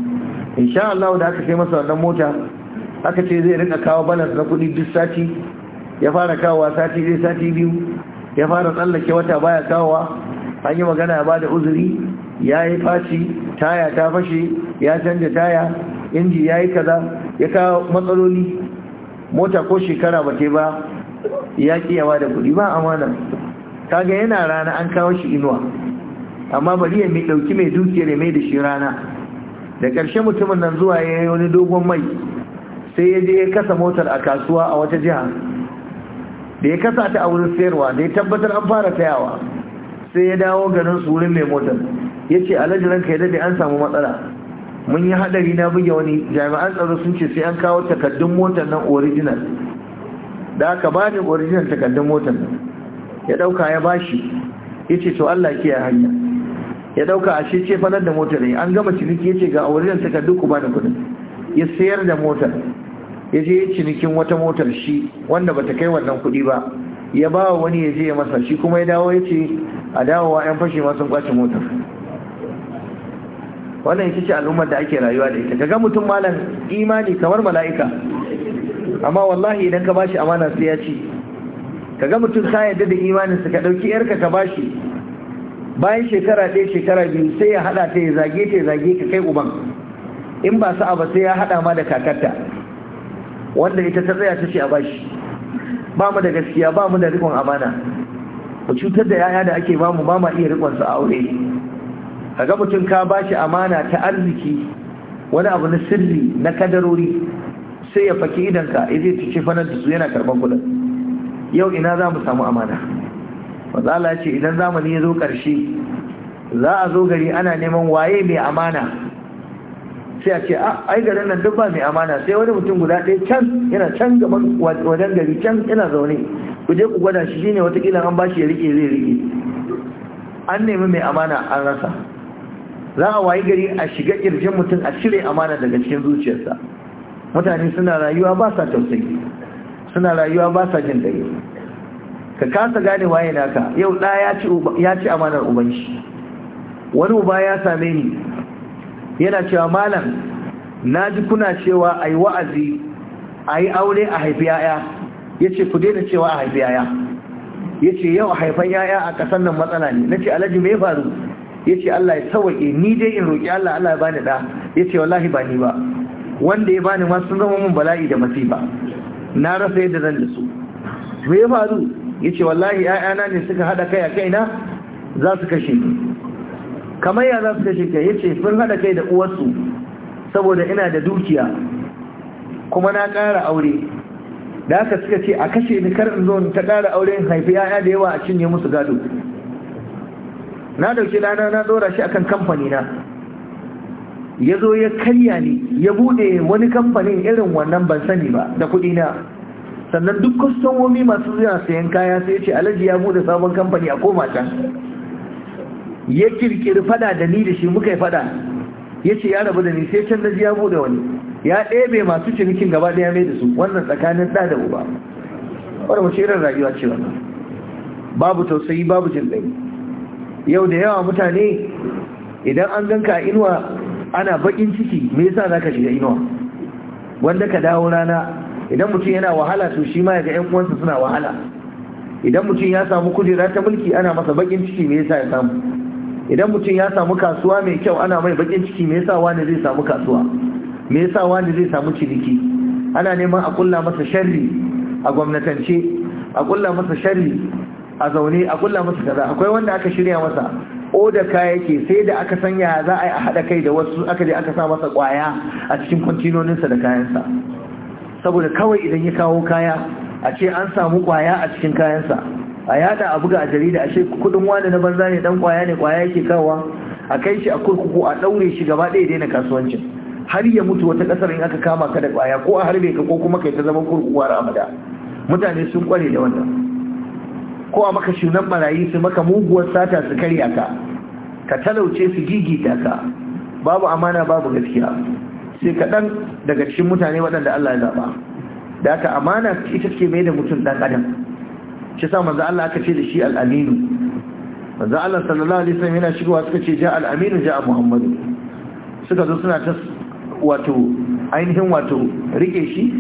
insha Allah da aka kai masa wannan mota aka ce zai rinka kawo balance na kudi duk sati ya fara kawowa sati zai sati biyu ya fara tsallake wata baya kawowa an yi magana ya bada uzuri ya yi faci taya ta fashe ya canja taya inji ya yi kaza ya kawo matsaloli mota ko shekara ba ba ya kiyawa da kuɗi ba amana kaga yana rana an kawo shi inuwa amma bari ya mai ɗauki mai dukiyar mai da shi rana da ƙarshe mutumin nan zuwa ya yi wani dogon mai sai ya je ya kasa motar a kasuwa a wata jiha da ya kasa ta a wurin sayarwa da ya tabbatar an fara tayawa sai ya dawo ganin tsorin mai motar ya ce alajiran ka yadda an samu matsala mun yi haɗari na buge wani jami'an tsaro sun ce sai an kawo takardun motar nan original da aka ba ni original takardun motar nan ya ɗauka ya bashi ya ce to Allah ke hanya ya dauka a shi ce fanar da motar ne an gama ciniki ce ga auren saka duk ba da kudin ya sayar da motar ya je cinikin wata motar shi wanda bata kai wannan kudi ba ya ba wani ya je ya masa shi kuma ya dawo ya ce a dawowa yan fashe ma sun kwace motar wannan ita ce al'ummar da ake rayuwa da ita kaga mutum malam imani kamar mala'ika amma wallahi idan ka bashi amana sai ya ci kaga mutum ka yadda da imanin sa ka dauki yarka ka bashi bayan shekara ɗaya shekara biyu sai ya haɗa ta ya zage ta ya zage ka kai uban in ba sa'a ba sai ya haɗa ma da kakarta wanda ita ta tsaya ta ce a bashi ba mu da gaskiya ba mu da rikon amana mu cutar da yaya da ake bamu ba ma iya rikon su a aure kaga mutum ka bashi amana ta arziki wani abu na sirri na kadarori sai ya faki idanka ya zai tuce ce fanar da su yana karban kuɗin yau ina za mu samu amana matsala ce idan zamani ya zo ƙarshe za a zo gari ana neman waye mai amana sai a ce ah, ai garin nan duk ba mai amana sai wani mutum guda ɗaya can yana can gaban wajen gari can yana zaune ku je ku gwada shi shine watakila an bashi ya rike zai rike an nemi mai amana an rasa za a wayi gari a shiga kirjin mutum a cire amana daga cikin zuciyarsa mutane suna rayuwa ba sa tausayi suna rayuwa ba sa jin dare ka kasa gane waye naka yau da ya ci amanar uban shi wani uba ya same ni yana cewa malam na ji kuna cewa a wa'azi a aure a haifi yaya ya ce ku daina cewa a haifi yaya ya ce yau haifan yaya a kasan nan matsala ne na ce alhaji mai faru ya ce Allah ya sawaƙe ni dai in roƙi Allah Allah ya bani ɗa ya ce wallahi ba ni ba wanda ya bani ma sun zama mun bala'i da masifa na rasa yadda zan da su me ya faru Ya ce, wallahi 'ya'yana ne suka hada kai a kaina za su kashe ni kamar ya za su kashe ka yace sun hada kai da uwarsu saboda ina da dukiya kuma na ƙara aure da aka suka ce a kashe ni kar in zo ta ƙara aure in haifi yaya da yawa a cinye musu gado na ɗauki dana na dora shi akan kamfani na ya zo ya karya ni ya buɗe wani kamfanin irin wannan ban sani ba da kuɗi na sannan duk kwastomomi masu zuwa sayan kaya sai ce alaji ya bude sabon kamfani a koma can ya kirkiri fada da ni da shi muka yi fada ya ce ya rabu da ni sai can da ya bude wani ya ɗebe masu cinikin gaba ɗaya mai da su wannan tsakanin ɗa da uba wadda mace irin rayuwa ce wannan babu tausayi babu jin ɗai yau da yawa mutane idan an ganka a inuwa ana baƙin ciki me yasa za ka shiga inuwa wanda ka dawo rana idan mutum yana wahala to shi ma yaga yan uwansa suna wahala idan mutum ya samu kujera ta mulki ana masa bakin ciki me yasa ya samu idan mutum ya samu kasuwa mai kyau ana mai bakin ciki me yasa wani zai samu kasuwa me yasa wani zai samu ciniki ana neman a kulla masa sharri a gwamnatance a kulla masa sharri a zaune a kulla masa kaza akwai wanda aka shirya masa oda kayayyaki sai da aka sanya za a yi a haɗa kai da wasu aka je aka sa masa ƙwaya a cikin kwantinoninsa da kayansa saboda kawai idan ya kawo kaya a ce an samu kwaya a cikin kayansa a yada a buga a jarida a ce kudin wani na banza ne dan kwaya ne kwaya yake kawa a kai shi a kurkuku a daure shi gaba ɗaya daina kasuwancin har ya mutu wata ƙasar in aka kama ka da kwaya ko a harbe ka ko kuma kai ta zama kurkuku har abada mutane sun kware da wannan ko a maka shunan barayi su maka muguwar sata su karya ka ka talauce su gigita ka babu amana babu gaskiya sai kaɗan daga cikin mutane waɗanda Allah ya zaɓa da aka amana ita ce mai da mutum ɗan adam shi sa maza Allah aka ce da shi al'aminu. maza Allah sallallahu alaihi wasallam yana shigowa suka ce ja Al'aminu aminu ja Muhammadu suka zo suna ta wato ainihin wato rike shi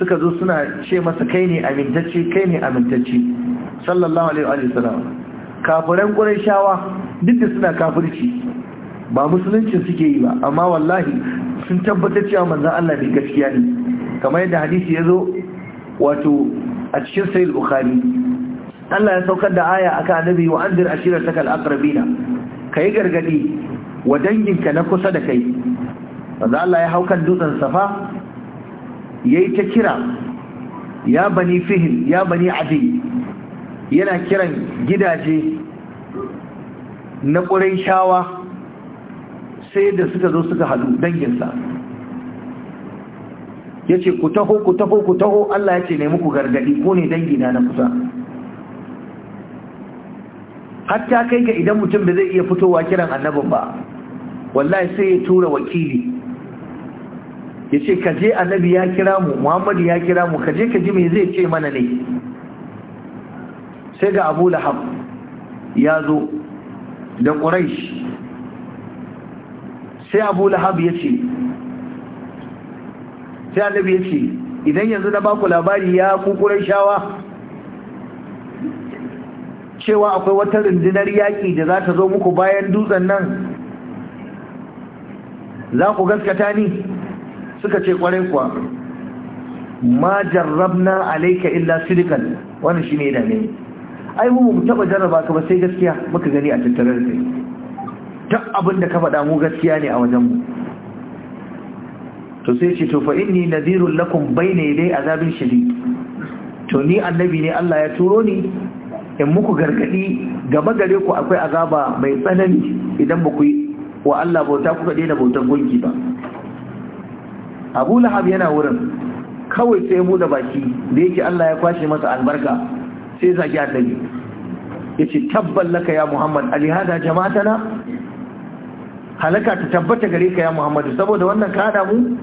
suka zo suna ce masa kai ne amintacci kai ne amintacci sallallahu alaihi wasallam kafiran shawa duk da suna kafirci ba musulunci suke yi ba amma wallahi sun tabbatar cewa manzan Allah bai gaskiya ne kamar yadda hadisi ya zo wato a cikin sayil bukhari Allah ya saukar da aya aka annabi wa anzir ashirataka al-aqrabina yi gargadi wa danginka na kusa da kai manzan Allah ya haukan dutsen safa yayi ta kira ya bani fihim ya bani adi yana kiran gidaje na ƙurai shawa sai da suka zo suka halu danginsa ya ce ku taho ku taho ku taho Allah ya ce ne muku gargadi ko ne dangina na kusa hatta kai ka idan mutum da zai iya fitowa kiran annabin ba wallahi sai ya tura wakili ya ce ka je annabi ya kira mu muhammadu ya kira mu ka je ka ji me zai ce mana ne sai ga abu lahab ya zo da ƙuraish sai abu lahab ya ce sai annabi ya ce idan yanzu na baku labari ya kukurar shawa cewa akwai wata rundunar yaƙi da za ta zo muku bayan dutsen nan za ku gaskata ni suka ce kwarai kuwa ma jarrabna alaika illa wani shi shine da ne ai mu mu taba jarraba ka ba sai gaskiya muka gani a tattare da kai duk abin da ka faɗa mu gaskiya ne a wajenmu to sai ce to fa inni nadhirul lakum bayna yaday azabin shadid to ni annabi ne Allah ya turo ni in muku gargadi gaba gare ku akwai azaba mai tsanani idan ba ku yi wa Allah bauta kuka daina bautan gunki ba Abu Lahab yana wurin kawai sai mu da baki da yake Allah ya kwashe masa albarka sai zaki annabi yace tabban ya Muhammad alihada jama'atana halaka ta tabbata gare ka ya Muhammadu saboda wannan ka hada mu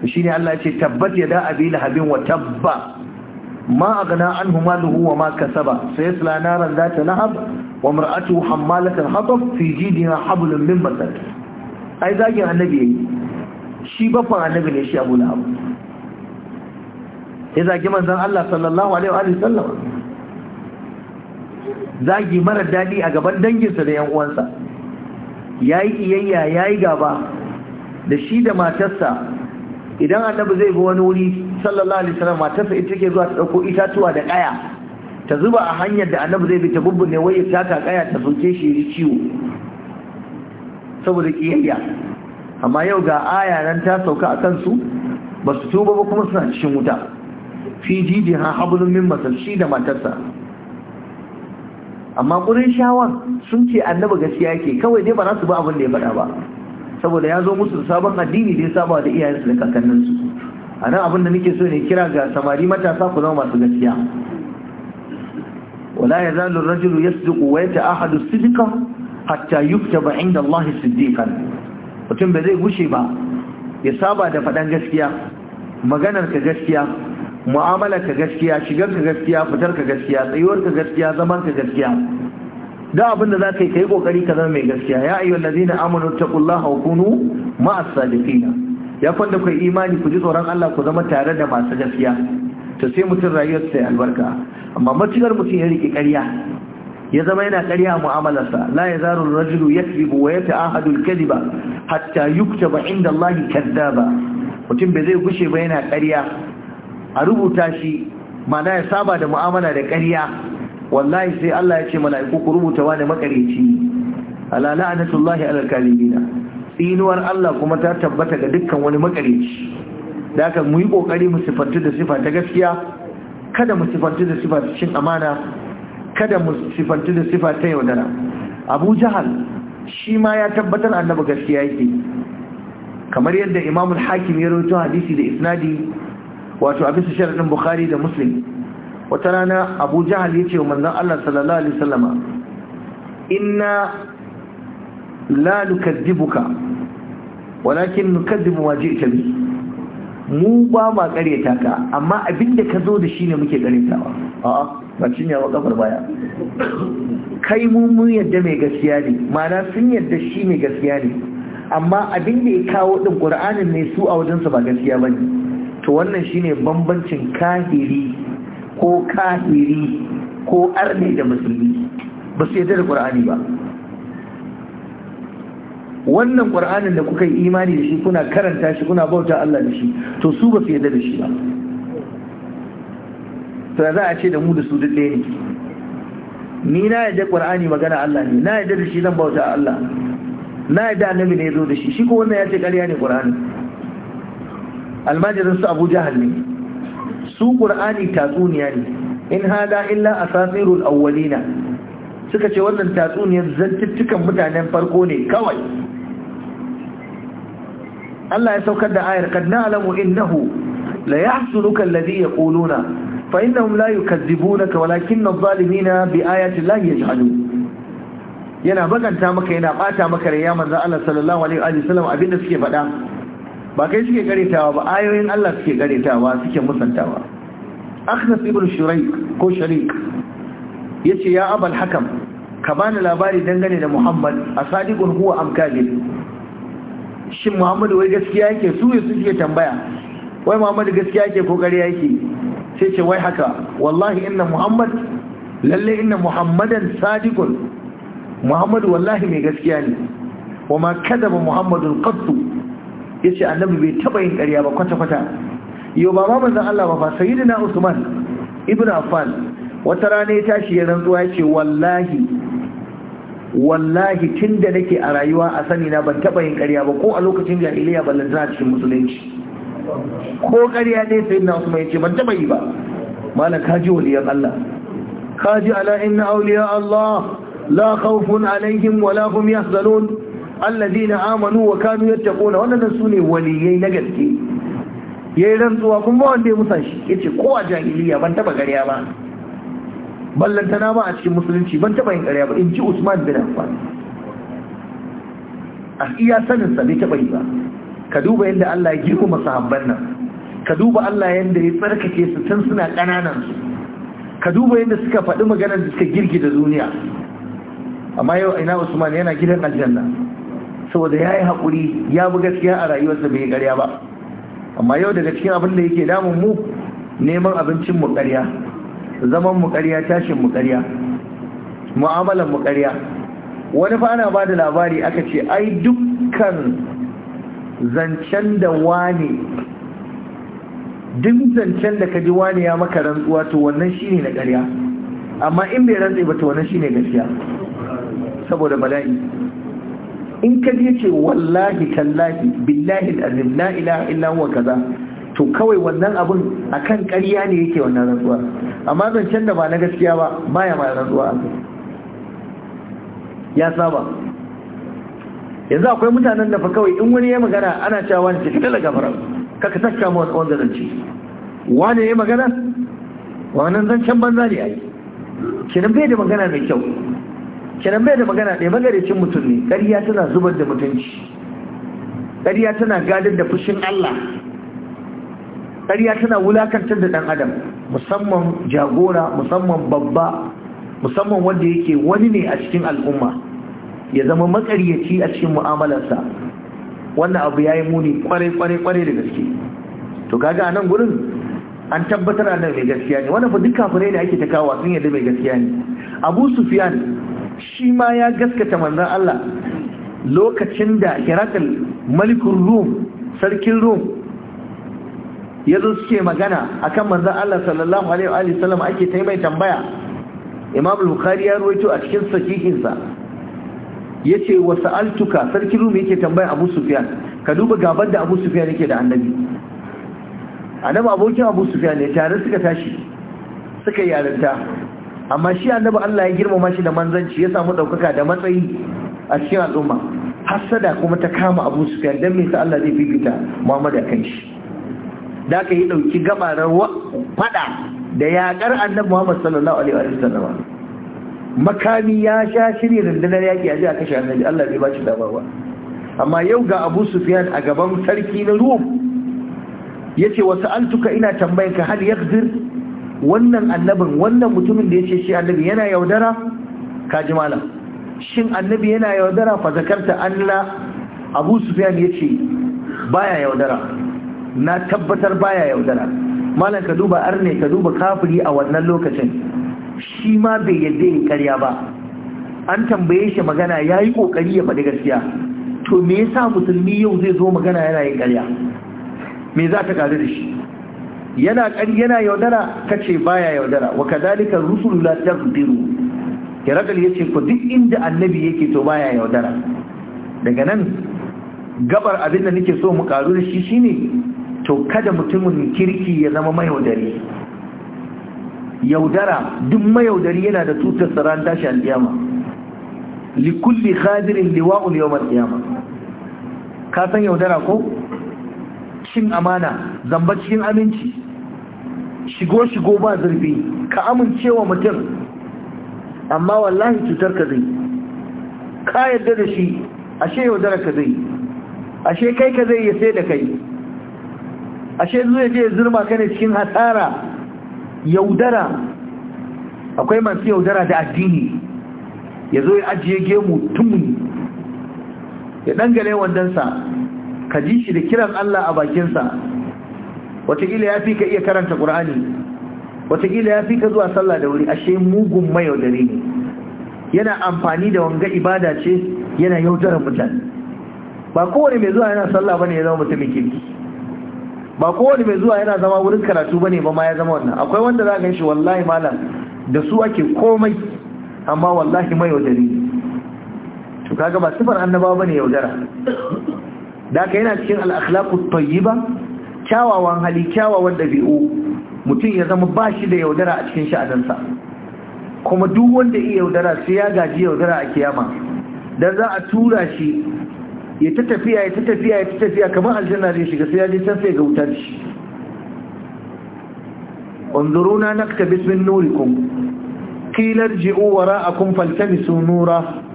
ne Allah ya ce tabbat yada abi lahabin wa tabba ma an huma luhu wa ma kasaba sayasla naran zata lahab wa mar'atu hammalat al-hatab fi jidha hablum min masad ai zagin annabi shi baffan annabi ne shi Abu Lahab ya zagi manzan Allah sallallahu alaihi wa sallam zagi mara daɗi a gaban danginsa da yan uwansa ya yi ƙiyayya ya yi gaba da shi da matarsa idan annabi zai bi wani wuri sallallahu alaihi wasallam matarsa ita ke zuwa ta ɗauko itatuwa da kaya ta zuba a hanyar da annabi zai bi ta bubbune wai ya taka kaya ta soke shi ya ciwo saboda ƙiyayya amma yau ga aya nan ta sauka a kansu ba su tuba ba kuma suna cikin wuta fi jiji ha hablun min masal shi da matarsa amma gurin shawar sun ce annaba gaskiya yake kawai dai ba za su ba abin da ya faɗa ba saboda ya zo musu sabon addini da ya saba da iyayensu da kakanninsu a nan abin da nake so ne kira ga samari matasa ku zama masu gaskiya wala ya zalu rajulu yasduqu wa yata'ahadu sidqa hatta yuktaba inda Allah siddiqan mutum ba zai gushe ba ya saba da faɗan gaskiya maganar ka gaskiya mu'amala ka gaskiya shigar ka gaskiya fitar ka gaskiya tsayuwar ka gaskiya zaman ka gaskiya da abin da za ka yi ka yi kokari ka zama mai gaskiya ya ayyuhal ladina amanu taqullaha wa kunu ma'as sadiqina ya kwanda kai imani ku ji tsoron Allah ku zama tare da masu gaskiya to sai mutum rayuwar sai albarka amma matukar mutum ya rike ƙarya ya zama yana ƙarya a mu'amalarsa la yazaru ar-rajulu yakzibu wa yata'ahadu al-kadhiba hatta yuktaba inda Allah kadhaba mutum bai zai gushe ba yana ƙarya a rubuta shi mana ya saba da mu'amala da ƙarya wallahi sai Allah ya ce mala'iku ku rubuta wani makareci ala la'natullahi alal kalibina tsinuwar Allah kuma ta tabbata ga dukkan wani makareci da haka mu yi kokari mu sifantu da sifa ta gaskiya kada mu sifantu da sifa ta cin amana kada mu sifantu da sifa ta yaudara Abu Jahal shi ma ya tabbatar annabi gaskiya yake kamar yadda Imam al-Hakim ya rawaito hadisi da isnadi wato a bisa sharadin bukhari da muslim wata rana abu jihar ya ce wa manzan allah sallallahu alaihi wasallama ina laluka nukazzibuka walakin zibu waje ita bi mu ba ma kareta ka amma abinda ka zo da shi ne muke karetawa a'a ba cinya ba kafar baya kai mu mun yadda mai gaskiya ne mana sun yadda shi mai gaskiya ne amma abinda ya kawo din qur'anin ne su a wajensa ba gaskiya bane to wannan shine bambancin kahiri ko kahiri ko arne da musulmi ba su yadda da ƙwar'ani ba wannan ƙwar'anin da kuka yi imani da shi kuna karanta shi kuna bauta Allah da shi to su ba su yadda da shi ba to za a ce da mu da su duk ɗaya ne ni na yadda ƙwar'ani magana Allah ne na yadda da shi zan bauta Allah na yadda annabi ne ya zo da shi shi ko wannan ya ce ƙarya ne ƙur'ani almajirin su abu ne su ƙur'ani tatsuniya ne in hada illa a asafirul Auwalina, suka ce wannan tatsuniyar zantuttukan mutanen farko ne kawai Allah ya saukar da ayar kad na'lamu innahu la yahsunuka alladhi yaquluna fa innahum la yukazzibunaka walakin adh-dhalimina bi ayati ya yaj'alun yana baganta maka yana ɓata maka riya manzo Allah sallallahu alaihi abinda suke faɗa ba kai suke karetawa ba ayoyin Allah suke karetawa suke musantawa akhnas ibn shuraik ko sharik yace ya abal hakam ka bani labari dangane da muhammad asadiqun huwa am kadhib shin muhammad wai gaskiya yake su yi suke tambaya wai muhammad gaskiya yake ko ƙarya yake sai ce wai haka wallahi inna muhammad lalle inna muhammadan sadiqun muhammad wallahi mai gaskiya ne kuma kadaba muhammadul qattu ya ce annabi bai taɓa yin ƙarya ba kwata-kwata yau ba ma zan Allah ba ba sayi na usman ibn affan wata rana ya tashi ya rantsuwa ya ce wallahi wallahi tun da nake a rayuwa a sani na ban taɓa yin ƙarya ba ko a lokacin jahiliya ba lanzana cikin musulunci ko ƙarya ne sayi na usman ya ce ban taɓa yi ba malam kaji waliyan Allah kaji ala inna auliya Allah la khawfun alaihim wala hum yahzanun alladhina amanu wa kanu yattaquna wannan sune waliyai na gaske yayi rantsuwa kun ba wanda ya musa shi yace ko a jahiliya ban taba gariya ba ballantana ba a cikin musulunci ban taba yin gariya ba in ji Usman bin Affan a iya sanin sa bai taba yi ba ka duba yadda Allah ya girma sahabban nan ka duba Allah yadda ya tsarkake su tun suna kananan su ka duba yadda suka faɗi maganar da suka girgida duniya amma yau ina Usman yana gidan aljanna saboda ya yi haƙuri ya bi gaskiya a rayuwarsa bai ƙarya ba amma yau daga cikin abin da yake damun mu neman abincin mu ƙarya zaman mu ƙarya tashin mu ƙarya mu'amalan mu ƙarya wani fa ana ba da labari aka ce ai dukkan zancen da wani duk zancen da ka ji wani ya maka rantsuwa to wannan shine na ƙarya amma in bai rantse ba to wannan shine gaskiya saboda bala'i in ka je ce wallahi tallahi billahi azim la ilaha illa huwa kaza to kawai wannan abun akan ƙarya ne yake wannan rantsuwa amma zancen da ba na gaskiya ba baya ma rantsuwa ya saba yanzu akwai mutanen da fa kawai in wani ya magana ana cewa wani ce fita daga farar kaka sakka mu wanda zance wani ya magana wannan zancen banza ne ai kinan bai da magana mai kyau kiran bai da magana ɗaya magarecin mutum ne ƙarya tana zubar da mutunci ƙarya tana gadar da fushin Allah ƙarya tana wulakantar da ɗan adam musamman jagora musamman babba musamman wanda yake wani ne a cikin al'umma ya zama makaryaci a cikin mu'amalarsa wannan abu ya yi muni kwarai-kwarai da gaske to kaga a nan gurin an tabbatar a nan mai gaskiya ne wannan fa duk kafirai ne ake ta kawo sun yadda mai gaskiya ne abu sufiyan shi ma ya gaskata manzan Allah lokacin da hiratul malikun Rum sarkin Rum ya zo suke magana kan manzan Allah sallallahu alaihi wa ake ta mai tambaya Imam Bukhari ya ruwaito a cikin ya ce wasu altuka sarkin Rum yake tambaya Abu Sufyan ka duba gaban da Abu Sufyan yake da Annabi Annabi abokin Abu Sufyan ne tare suka tashi suka yaranta amma shi annabi Allah ya girmama shi da manzanci ya samu daukaka da matsayi a cikin al'umma hasada kuma ta kama Abu Sufyan dan me sa Allah zai fifita Muhammad a kan shi da ka yi dauki gabarar fada da yakar annabi Muhammad sallallahu alaihi wa sallam makami ya sha shiri rundunar yaki a jiya a kashe annabi Allah zai ba shi dabawa amma yau ga Abu Sufyan a gaban sarki na Rum yace wasu altuka ina tambayanka hal yaghdir wannan annabin wannan mutumin da ya ce shi annabi yana yaudara ka ji malam shin annabi yana yaudara fa zakarta Allah Abu Sufyan yace baya yaudara na tabbatar baya yaudara malam ka duba arne ka duba kafiri a wannan lokacin shi ma bai yadda yin karya ba an tambaye shi magana yayi kokari ya faɗi gaskiya to me yasa musulmi yau zai zo magana yana yin karya me za ta karu da shi yana ƙari yana yaudara kace baya yaudara wa kadalika rusulu la taqdiru kiradal yace ko duk inda annabi yake to baya yaudara daga nan gabar abin da nake so mu karu da shi shine to kada mutumin kirki ya zama mayaudari yaudara duk mayaudari yana da tutar saran tashi alkiyama li kulli khadirin liwa'ul yawm alkiyama ka san yaudara ko cikin amana zamba cikin aminci shigo-shigo ba zurfi ka amincewa mutum amma wallahi cutar ka zai ka yadda da shi ashe yaudara ka zai ashe kai ka zai ya sai da kai ashe zuwa je zurma ka ne cikin hatsara yaudara akwai masu yaudara da addini ya zo ya ajiye gemu tun ya dangane wandansa ka ji shi da kiran Allah a bakinsa watakila ya fi ka iya karanta ƙur'ani watakila ya fi ka zuwa sallah da wuri ashe mugun mayaudari ne yana amfani da wanga ibada ce yana yaudarar mutane ba kowane mai zuwa yana sallah ne ya zama mutumin kirki ba kowane mai zuwa yana zama wurin karatu ba ne ba ma ya zama wannan akwai wanda za ka shi wallahi malam da su ake komai amma wallahi mayaudari to kaga ba sifar annabawa ne yaudara da ka yana cikin al'akhlaƙu tayyiba kyawawan hali kyawawan ɗabi'u mutum ya zama ba shi da yaudara a cikin sha'adansa kuma duk wanda iya yaudara sai ya gaji yaudara a kiyama Da za a tura shi ya ta tafiya ya ta tafiya ya ta tafiya kamar aljanna zai shiga sai ya je sai ga wutar shi unzuruna naktabis min nurikum qila irji'u wara'akum faltamisu nura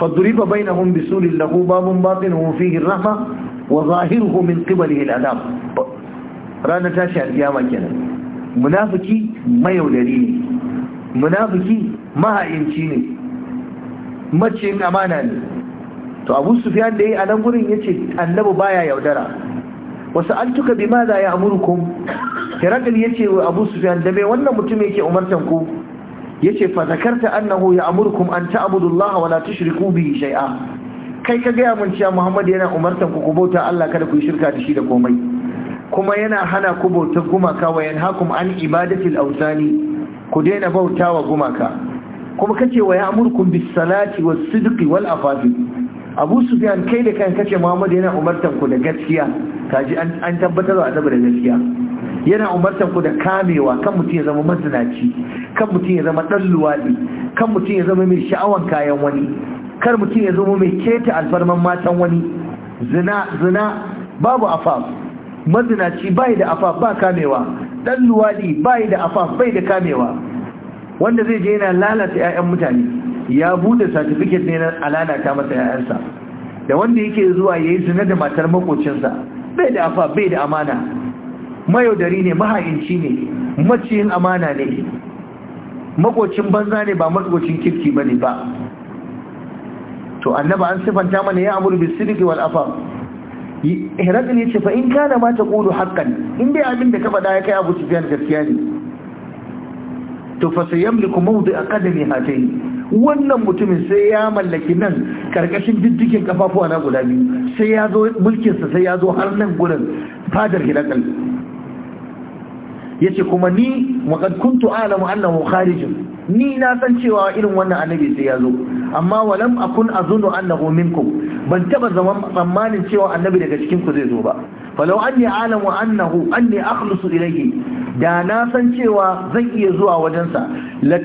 فضرب بينهم بسور له باب باطنه فيه الرحمة وظاهره من قبله العذاب رانا تاشي القيامة كنا منافقي ما يولريني منافقي ما هينشيني ما تشين أماناني to abu sufiyan da yi a nan gurin ya annabu baya yaudara wasu an tuka bi ma za ya amurkum hirakal ya ce abu da wannan mutum yake umartan ku yace fa zakarta annahu ya'murukum an ta'budu Allah wa la tushriku bihi shay'a kai ka gaya mun cewa Muhammad yana umartan ku kubuta Allah kada ku yi shirka da shi da komai kuma yana hana ku bauta gumaka wa yanhakum an ibadati al awthani ku daina bautawa gumaka kuma kace wa ya'murukum bis salati was sidqi wal afafi Abu Sufyan kai da kai kace Muhammad yana umartan ku da gaskiya kaji an tabbatar wa da gaskiya yana umartar ku da kamewa kan mutum ya zama mazinaci kan mutum ya zama dan luwaɗi kan mutum ya zama mai sha'awan kayan wani kar mutum ya zama mai keta alfarman matan wani zina zina babu afaf mazinaci bai da afaf ba kamewa dan luwaɗi bai da afaf bai da kamewa wanda zai je yana lalata 'ya'yan mutane ya bude certificate ne na alalata masa 'ya'yansa da wanda yake zuwa yayi zina da matar makocinsa bai da afa bai da amana mayaudari ne mahayinci ne maciyin amana ne makocin banza ne ba makocin kirki ba ne ba to annaba an sifanta mana ya amuru bi sirri wal afaf hirakil ce fa in kana mata taqulu haqqan in dai abin da ka faɗa ya kai abu sufyan gaskiya ne to fa sayamliku mawdi qadami hatayn wannan mutumin sai ya mallaki nan karkashin diddikin kafafuwa na guda biyu sai ya zo mulkinsa sai ya zo har nan gurin fadar hilakal yace kuma ni wa kuntu a'lamu annahu kharijun ni na san cewa irin wannan annabi sai ya zo amma walam akun azunu annahu minkum ban taba zaman tsammanin cewa annabi daga cikin ku zai zo ba falau anni a'lamu annahu anni akhlusu ilayhi da na san cewa zan iya zuwa wajen sa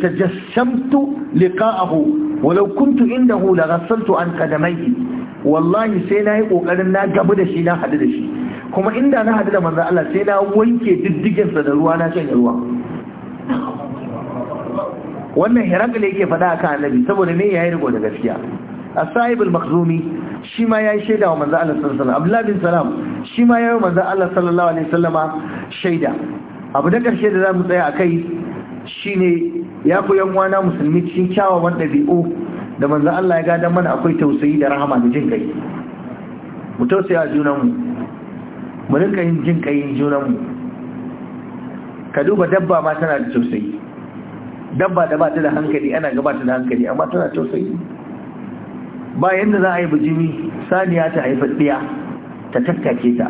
tajassamtu liqa'ahu walau kuntu indahu la ghassaltu an qadamayhi wallahi sai nayi yi kokarin na gabu da shi na hadu da shi kuma inda na hadu da manzan Allah sai na wanke diddiginsa da ruwa na shanye ruwa wannan hirakul yake faɗa a annabi saboda ne ya yi rigo da gaskiya a sahibul makhzumi shi ma ya yi shaida wa manzan Allah sallallahu alaihi wasallam abdullahi bin salam shi ma ya yi manzan Allah sallallahu alaihi wasallam shaida abu da karshe da za mu tsaya a kai ya ku yan wana musulmi cikin kyawawan ɗabi'u da manzan Allah ya gada mana akwai tausayi da rahama da jin kai mu tausaya junanmu mu rinka yin jin kayin junanmu ka duba dabba ma tana da tausayi dabba da ba ta da hankali ana gaba ta da hankali amma tana tausayi ba yadda za a yi bujimi saniya ta haifa tsiya ta tattake ta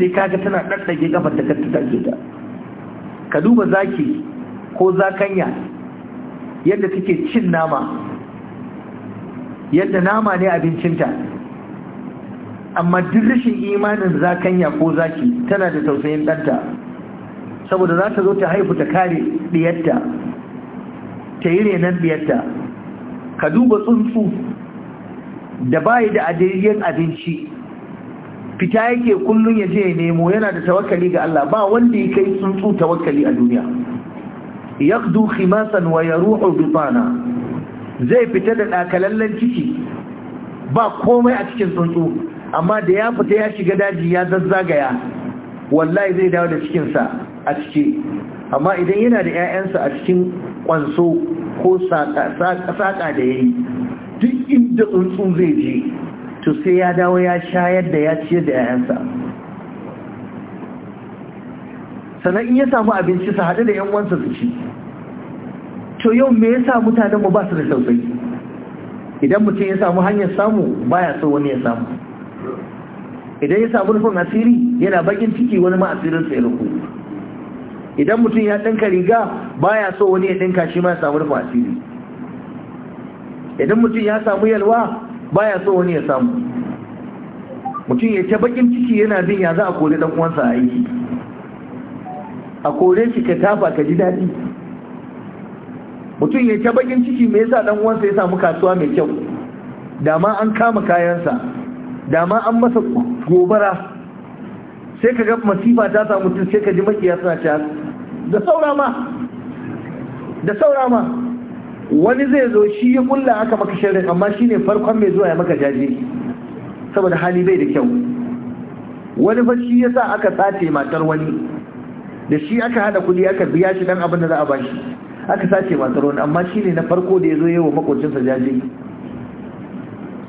sai kaga tana ɗaɗɗage kafar ta tattake ta ka duba zaki ko zakanya yadda take cin nama yadda nama ne abincinta amma duk rashin imanin zakanya ko zaki tana da tausayin ɗanta saboda za ta zo ta haifu ta kare ɗiyarta ta yi renon ɗiyarta ka duba tsuntsu da bayi da adiriyar abinci fita yake kullum ya je ya nemo yana da tawakali ga Allah ba wanda ya kai tsuntsu tawakali a duniya kudu khimasan wa ruhu bifana zai fita da ɗakalallen ciki ba komai a cikin tsuntsu amma da ya fita ya shiga daji ya zazzagaya wallahi zai dawo da cikinsa a ciki amma idan yana da 'ya'yansa a cikin kwanso ko saƙa da ya yi duk inda tsuntsun zai je to sai ya dawo ya shayar da ya ciyar da 'ya'yansa sannan in ya samu abinci su haɗu da 'yanwansa su ci to yau me yasa mutanenmu ba su da tausayi idan mutum ya samu hanyar samu baya so wani ya samu idan ya samu rufin asiri yana bakin ciki wani ma'asirinsa ya rufu idan mutum ya ɗinka riga ba ya so wani ya ɗinka shi ma ya samu rufin asiri idan mutum ya samu yalwa ba ya so wani ya samu mutum ya ce bakin ciki yana bin ya za a kore ɗan uwansa a aiki a kore shi ka tafa ka ji daɗi mutum ya ce bakin ciki me yasa ɗan uwansa ya samu kasuwa mai kyau da ma an kama kayansa da ma an masa gobara sai ka ga masifa ta samu tun sai ka ji makiya suna ta da saura ma da saura ma wani zai zo shi ya kulla aka maka shirin, amma shi ne farkon mai zuwa ya maka jaje saboda hali bai da kyau wani fa shi ya sa aka sace matar wani da shi aka hada kudi aka biya shi dan abin da za a bashi aka sace matar wani amma shi ne na farko da ya zo yawa makocinsa jaje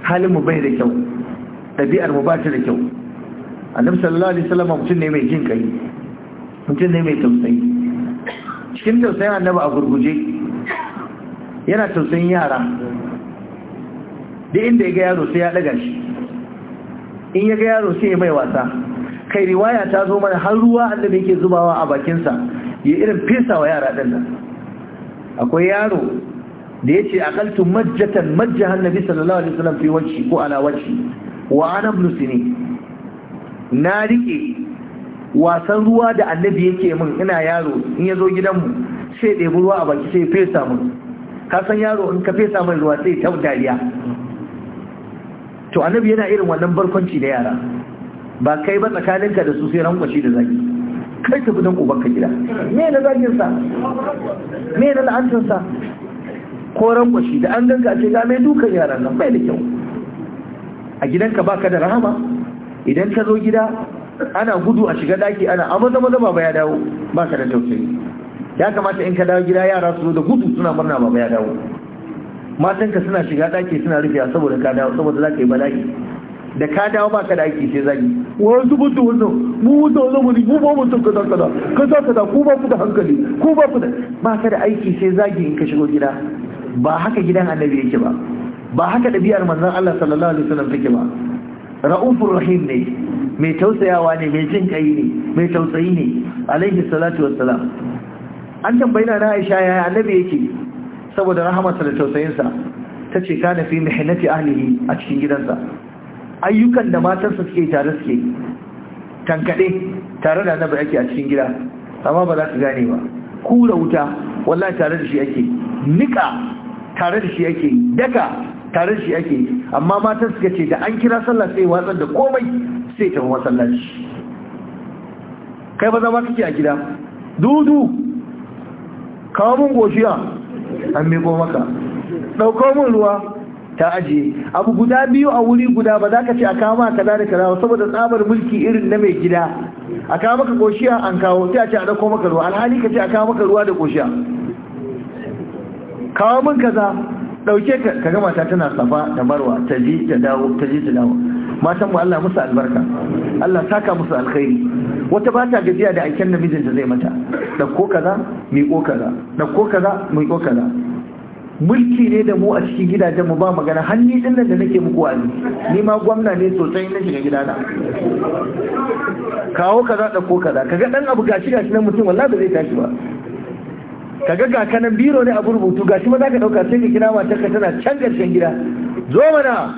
halin mu bai da kyau ɗabi'ar mu ba ta da kyau annabi sallallahu alaihi wasallam mutum ne mai jin kai mutum ne mai tausayi cikin tausayin annabi a gurguje yana tausayin yara duk inda ya ga yaro sai ya daga shi in ya ga yaro sai ya mai wasa kai riwaya ta zo mana har ruwa annabi yake zubawa a bakinsa ya irin fesa wa yara ɗin nan akwai yaro da ya ce akaltu majjatan majjahan nabi sallallahu alaihi wasallam fi wajhi ko ala wajhi wa ana sini na rike wasan ruwa da annabi yake min ina yaro in ya zo gidanmu sai ɗebi ruwa a baki sai fesa min ka san yaro in ka fesa min ruwa sai ta dariya to annabi yana irin wannan barkwanci da yara ba kai ba tsakaninka da su sai rankwashi da zaki kai tafi don ka gida me na zaginsa me na ko rankwashi da an ganga ce ga mai dukan yaran nan bai da kyau a gidanka baka da rahama idan ka zo gida ana gudu a shiga daki ana amaza maza baba ya dawo baka da tausayi ya kamata in ka dawo gida yara su da gudu suna murna baba ya dawo matanka suna shiga daki suna rufe saboda ka dawo saboda za ka yi bala'i da ka dawo baka da aiki sai zagi wasu mutu wannan mu mutu wannan mu mu ba mutum kaza kaza kaza kaza ku ba ku da hankali ku ba ku da ba ka da aiki sai zagi in ka shigo gida ba haka gidan annabi yake ba ba haka ɗabi'ar manzon Allah sallallahu alaihi wasallam take ba ra'ufur rahim ne mai tausayawa ne mai jin kai ne mai tausayi ne alaihi salatu wassalam an tambayi na Aisha yaya annabi yake saboda rahamarsa da tausayinsa ta ce kana fi mihnati ahlihi a cikin gidansa ayyukan da matarsa suke tare suke tankade tare da annabi ake a cikin gida amma ba za ka gane ba kura wuta wallahi tare da shi ake nika tare da shi ake daka tare shi ake amma matan suka ce da an kira sallah sai watsar da komai sai tafi masallaci kai ba zama kake a gida dudu kawo mun goshiya an miko maka ɗauko mun ruwa ta ajiye abu guda biyu a wuri guda ba za ka ce a kawo maka kaza da kaza saboda tsabar mulki irin na mai gida a kawo maka goshiya an kawo sai a ce a ɗauko maka ruwa alhali ka ce a kawo maka ruwa da goshiya kawo mun kaza ɗauke ka kaga mata tana safa da marwa ta ji ta dawo ta ji ta dawo matan mu Allah musu albarka Allah saka musu alkhairi wata ba ta gajiya da aikin da mijinta zai mata da ko kaza mi ko kaza da ko kaza mi ko kaza mulki ne da mu a cikin gidajen mu ba magana hanni din nan da nake muku wani ni ma gwamna ne sosai na shiga gidana kawo kaza da ko kaza kaga dan abu gashi gashi nan mutum wallahi ba zai tashi ba Ka ga kanan biro ne a burbutu ga shi ma za ka ɗauka sai ka kira matar ka tana can ƙarshen gida zo mana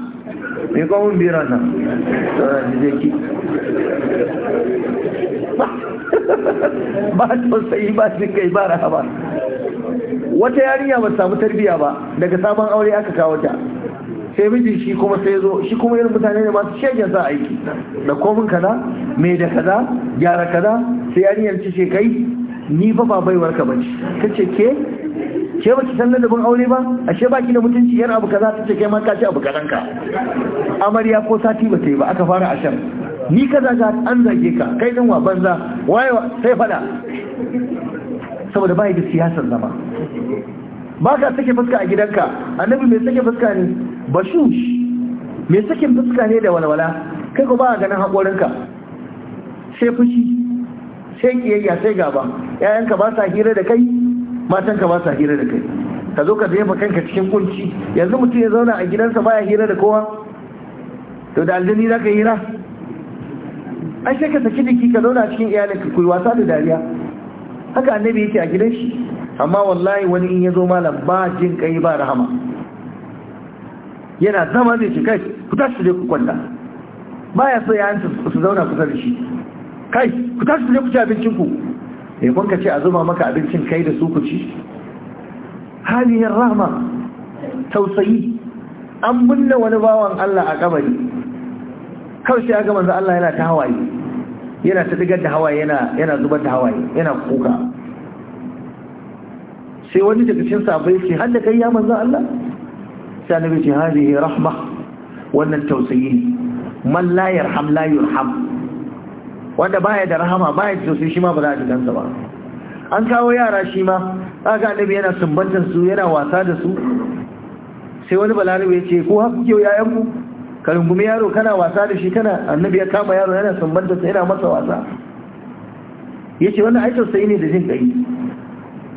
mai kwamun biro nan tsara da zai ki ba tausayi ba jin kai ba rahama wata yarinya ba samu tarbiya ba daga sabon aure aka kawo ta sai miji shi kuma sai zo shi kuma irin mutane ne masu shegen sa aiki da komin kaza mai da kaza gyara kaza sai yarinyar ci ce kai ni fa ba baiwar ka bace ce ke ke baki san ladabin aure ba ashe baki da mutunci yar abu kaza ce kai ma ka ci abu kadan ka amarya ko sati ba ta yi ba aka fara ashar ni kaza ga an zage ka kai dan wa banza waye sai fada saboda bai da siyasar zama ba ka sake fuska a gidanka annabi mai sake fuska ne bashush mai sakin fuska ne da walwala kai ko ba ganin haƙorinka sai fushi sai kiyayya sai gaba ƴaƴanka ba sa hira da kai matanka ba sa hira da kai ka zo ka jefa kanka cikin kunci yanzu mutum ya zauna a gidansa baya hira da kowa to da aljini za ka hira an sai ka saki jiki ka zauna a cikin iyalinka ku yi wasa da dariya haka annabi yake a gidan shi amma wallahi wani in ya zo malam ba jin kai ba rahama yana zama zai ce kai ku tashi je ku kwanta baya so ya su zauna kusa da shi kai ku tashi je ku ci abincin ku ya eh, kun ka ce a zuba maka abincin kai da su ku ci haliyar rahma tausayi an binne wani bawan Allah a kabari kawai sai aka manzo Allah yana ta hawaye yana ta digar da hawaye yana yana zubar da hawaye yana kuka sai wani daga cikin sahabbai ce har da kai ya manzo Allah sai annabi ce hadihi rahma wannan tausayi man la yarham la yurham wanda baya da rahama baya da sosai shi ma ba za a ji kansa ba an kawo yara shi ma aka annabi yana sumbantar su yana wasa da su sai wani balarabe ya ce ko haku kiyo ku ka rungumi yaro kana wasa da shi kana annabi ya kama yaro yana sumbantar sa yana masa wasa ya ce wannan aikin sai ne da jin kai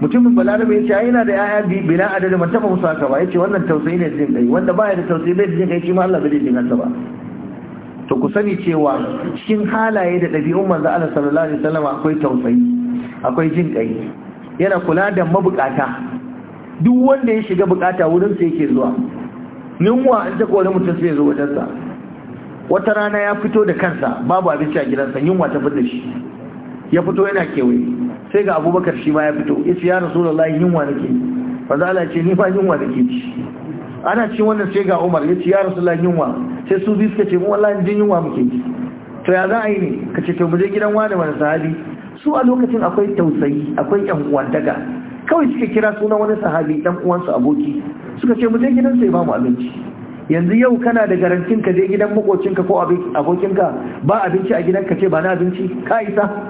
mutumin balarabe ya ce ai yana da yaya bina adadin man taba musu haka ba ya ce wannan tausayi ne da jin kai wanda baya da tausayi bai da jin kai shi ma Allah bai da jin kansa ba to ku sani cewa cikin halaye da ɗabi'un manzo Allah sallallahu alaihi wasallam akwai tausayi akwai jin kai yana kula da mabukata duk wanda ya shiga bukata wurin sa yake zuwa ninwa an ta kore mutum sai ya zo wajen sa wata rana ya fito da kansa babu abinci a gidansa yunwa ta fita shi ya fito yana kewaye sai ga abubakar shi ma ya fito ya ce ya rasulullahi yunwa nake manzo Allah ce ni fa yunwa nake ci ana cin wannan sai ga umar ya ce ya rasu rasulullah yunwa sai su biyu suka ce mu wallahi jin yunwa muke to ya za a yi ne ka ce to mu je gidan wani wani sahabi su a lokacin akwai tausayi akwai yan uwantaka kawai suka kira sunan wani sahabi dan uwansu aboki suka ce mu je gidan sai ba mu abinci yanzu yau kana da garantin ka je gidan makocinka ko abokinka ba abinci a gidanka ce ba na abinci ka isa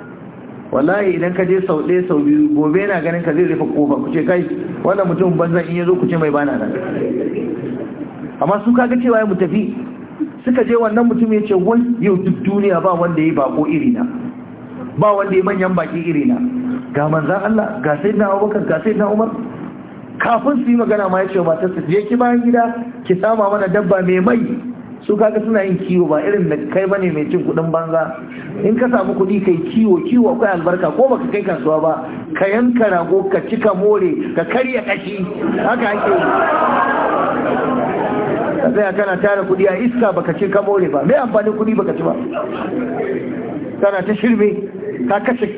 wallahi idan ka je sau ɗaya sau biyu gobe yana ganin ka zai rufe kofa ku ce kai wannan mutum banzan in ya zo ku ce mai bana nan amma su kaga cewa ya mu tafi suka je wannan mutum ya ce wai yau duk duniya ba wanda ya bako iri na ba wanda ya manyan baki iri na ga manzan Allah ga sai na Abubakar ga sai na Umar kafin su yi magana ma ya ce ta je ki bayan gida ki sama mana dabba mai mai su kaga suna yin kiwo ba irin da kai bane mai cin kudin banza in ka samu kudi kai kiwo kiwo akwai albarka ko baka kai kasuwa ba ka yanka rago ka cika more ka karya kashi haka ake yi ka tsaya kana tara kudi a iska baka ci ka more ba mai amfanin kudi baka ci ba kana ta shirme ka kashe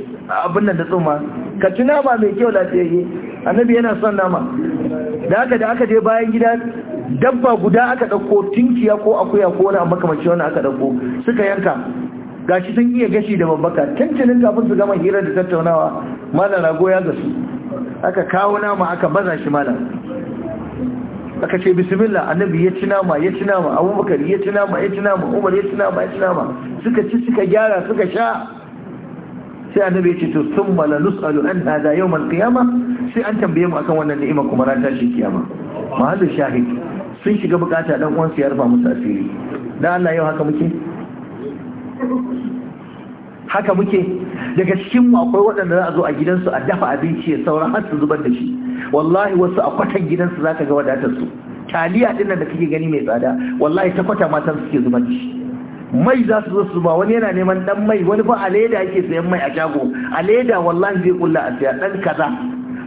abin nan da tsoma ka ci nama mai kyau lafiyayye annabi yana son nama da haka da aka je bayan gida dabba guda aka ɗauko tinkiya ko akuya ko wani abu kamar wani aka ɗauko suka yanka gashi sun iya gashi da babbaka tantanin kafin su gama hirar da tattaunawa malam rago ya gasu aka kawo nama aka baza shi malam aka ce bismillah annabi ya ci nama ya ci nama abubakar ya ci nama ya ci nama umar ya ci nama ya ci nama suka ci suka gyara suka sha sai annabi ya ce to sun mala nus'alu an hada yawmal qiyama sai an tambaye mu akan wannan ni'ima kuma na tashi kiyama mahallin shahid sun shiga bukata dan uwansu ya rufa musu asiri dan Allah yau haka muke haka muke daga cikin mu akwai waɗanda za a zo a gidansu a dafa abinci ya sauran har su zubar da shi wallahi wasu a kwatan gidansu za ka ga wadatar su taliya dinnan da kake gani mai tsada wallahi ta kwata matan suke zubar da shi mai za su zo su ba wani yana neman dan mai wani ba a leda yake sayan mai a shago a leda wallahi zai kulla a siya dan kaza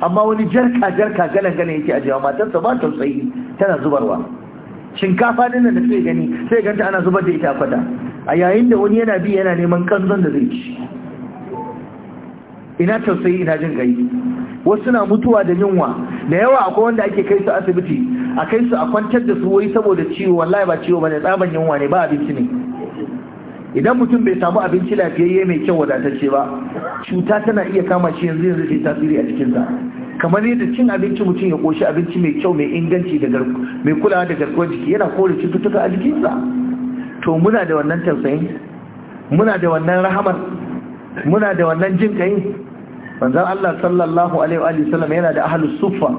amma wani jarka jarka galan galan yake ajiyawa matarsa ba tausayi tana zubarwa shinkafa din da sai gani sai ganta ana zubar da ita kwata a yayin da wani yana bi yana neman kanzon da zai ci ina tausayi ina jin gai wasu na mutuwa da yunwa da yawa akwai wanda ake kai su asibiti a kai su a kwantar da su wai saboda ciwo wallahi ba ciwo bane tsaban yunwa ne ba abinci ne idan mutum bai samu abinci lafiyayye mai kyau wadatacce ba cuta tana iya kama shi yanzu yanzu ta tasiri a cikinsa kamar yadda cin abinci mutum ya koshi abinci mai kyau mai inganci da mai kulawa da garkuwar jiki yana kore cututtuka a jikinsa to muna da wannan tausayin muna da wannan rahamar muna da wannan jin kai manzon Allah sallallahu alaihi wa sallam yana da ahlus suffa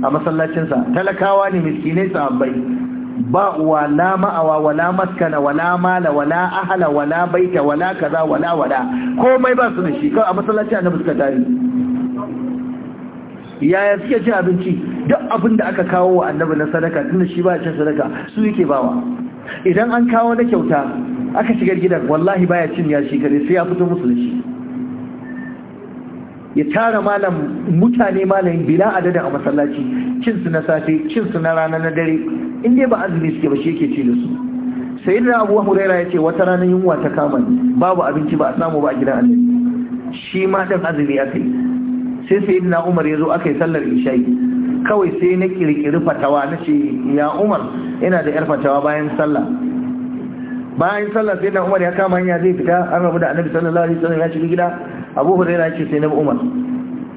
a masallacinsa talakawa ne miskinai sahabbai ba uwa la ma'awa wala maskana wala mala wala ahala wala baita wala kaza wala wala komai ba su da shi kawai a masallaci annabi suka tare yaya suke cin abinci duk abin da aka kawo wa annabi na sadaka tun shi ba cin sadaka su yake bawa idan an kawo na kyauta aka shigar gidan wallahi baya cin ya shi kare sai ya fito musu da shi ya tara malam mutane malamin bila adadin a masallaci cin su na safe cin su na rana na dare in dai ba azumi suke ba shi yake ce da su sai da abu huraira ya ce wata ranar yunwa ta kama babu abinci ba a samu ba a gidan annabi shi ma ɗan azumi ya kai, sai sai na umar ya zo aka yi sallar isha'i kawai sai na kirkiri fatawa na ce ya umar yana da yar fatawa bayan sallah bayan sallah sai na umar ya kama hanya zai fita an rabu da annabi sallallahu alaihi wasallam ya shiga gida abu hurairah ya ce sai na umar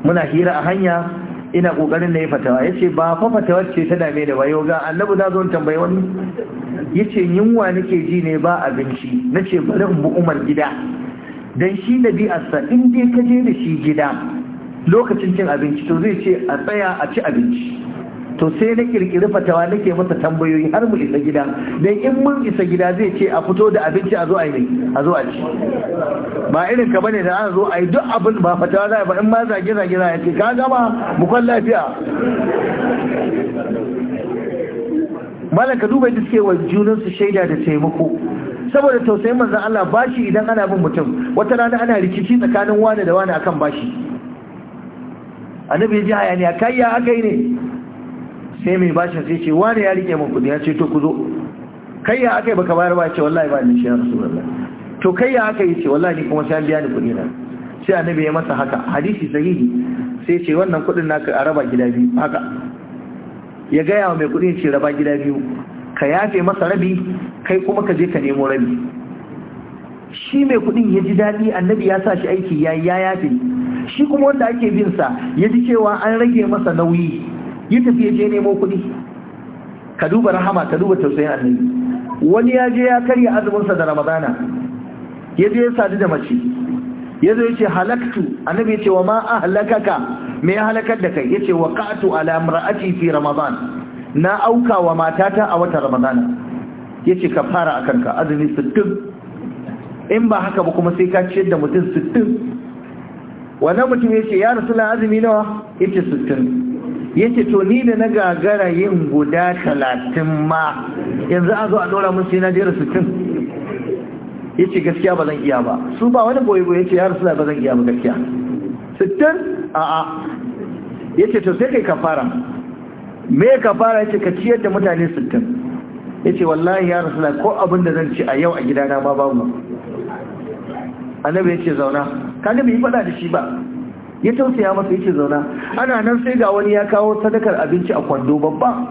muna hira a hanya ina kokarin na yi fatawa ya ce ba fa fatawar ce ta dame da bayo ga annabu za zo tambayi wani ya ce yunwa nake ji ne ba abinci na ce bari in bu umar gida don shi na bi asa in dai ka je da shi gida lokacin cin abinci to zai ce a tsaya a ci abinci to sai na kirkiri fatawa nake masa tambayoyi har mu isa gida dan in mun isa gida zai ce a fito da abinci a zo a yi a zo a ci ba irin ka bane da ana zo a yi duk abin ba fatawa za ba in ma zage zage ce ka gama mu kwan lafiya malaka duba yadda suke wa junansu shaida da taimako saboda tausayin manzan Allah bashi idan ana bin mutum wata rana ana rikici tsakanin wani da wani akan bashi annabi ya ji hayaniya kai ya aka ne sai mai bashin sai ce wani ya rike muku ya ce to ku zo kai ya aka yi baka bayar ba ce wallahi ba ni shi ya rasulullah to kai ya aka yi ce wallahi ni kuma sai an biya ni kudi na sai annabi ya masa haka hadisi sahihi sai ce wannan kudin naka a raba gida biyu haka ya gaya wa mai kudin ce raba gida biyu ka yafe masa rabi kai kuma ka je ka nemo rabi shi mai kudin ya ji daɗi annabi ya sa shi aiki ya yafe shi kuma wanda ake bin sa ya ji cewa an rage masa nauyi yi tafiye je nemo kuɗi ka duba rahama ka duba tausayin annabi wani ya je ya karya sa da ramadana ya je ya sadu da mace ya zo ya ce halaktu annabi ya ce wa ma ahlakaka me ya halakar da kai ya ce wa qatu ala imra'ati fi ramadan na auka wa matata a watan ramadana ya ce ka fara a kanka azumi sittin in ba haka ba kuma sai ka ciyar da mutum sittin wannan mutum ya ce ya rasu azumi nawa ya ce sittin yace to ni da na gagara yin guda talatin ma yanzu a zo a dora mun yana na jera sittin Ya ce gaskiya ba zan iya ba su ba wani boye boye ce ya rasu ba zan iya ba gaskiya sittin a a yace to sai kai ka fara me ka ya yace ka ciyar da mutane sittin yace wallahi ya rasu ko abin da zan ci a yau a gidana ma babu annabi ce zauna ka ga yi faɗa da shi ba ya tausaya masa yake zauna ana nan sai ga wani ya kawo sadakar abinci a kwando babba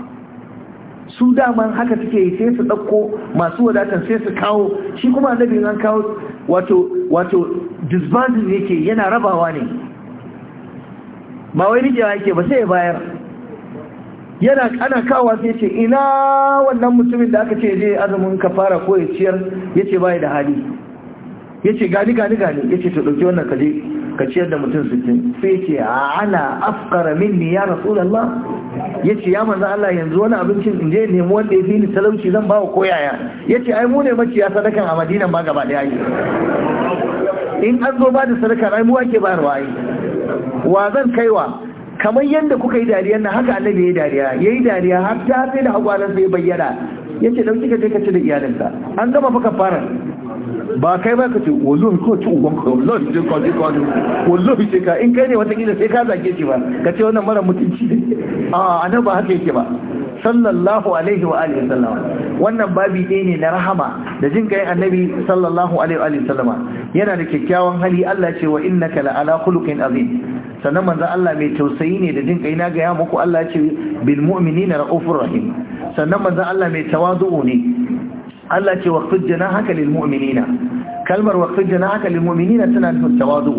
su daman haka suke yi sai su ɗauko masu wadatar sai su kawo shi kuma annabi an kawo wato wato disbandin yake yana rabawa ne ba wai rijewa yake ba sai ya bayar yana ana kawo sai ce ina wannan mutumin da aka ce je azumin kafara ko ya ciyar yace bai da hali ya ce gani gani gani ya ce ta ɗauki wannan kaje ka ciyar da mutum sittin sai ce ana afkara minni ya rasulallah ya ce ya manzan Allah yanzu wani abincin in je nemi wanda ya fi ni talauci zan bawa koyaya ya ce ai mu ne maciya sadakan a madinan ba gaba ɗaya in an zo ba da sadaka ai mu ake bayarwa ai wa zan kaiwa kamar yadda kuka yi dariya na haka annabi ya yi dariya ya yi dariya har ta sai da hagwalansa ya bayyana ya ce ɗauki ka kai ka ci da iyalinsa. an gama fa fara. ba kai ba ka ce wallahi ko ci uban ka wallahi je ka je ka wallahi ce ka in kai ne wata kila sai ka zage shi ba ka ce wannan mara mutunci ne a anan ba haka yake ba sallallahu alaihi wa alihi sallama wannan babi ɗaya ne na rahama da jin kai annabi sallallahu alaihi wa alihi sallama yana da kyakkyawan hali Allah ce wa innaka la ala khuluqin azim sannan manzo Allah mai tausayi ne da jin kai na ga ya muku Allah ce bil mu'minina raufur rahim sannan manzo Allah mai tawazu'u ne Allah ce waqfid janahaka lil mu'minina kalmar waqfid janahaka lil mu'minina tana nufin tawadu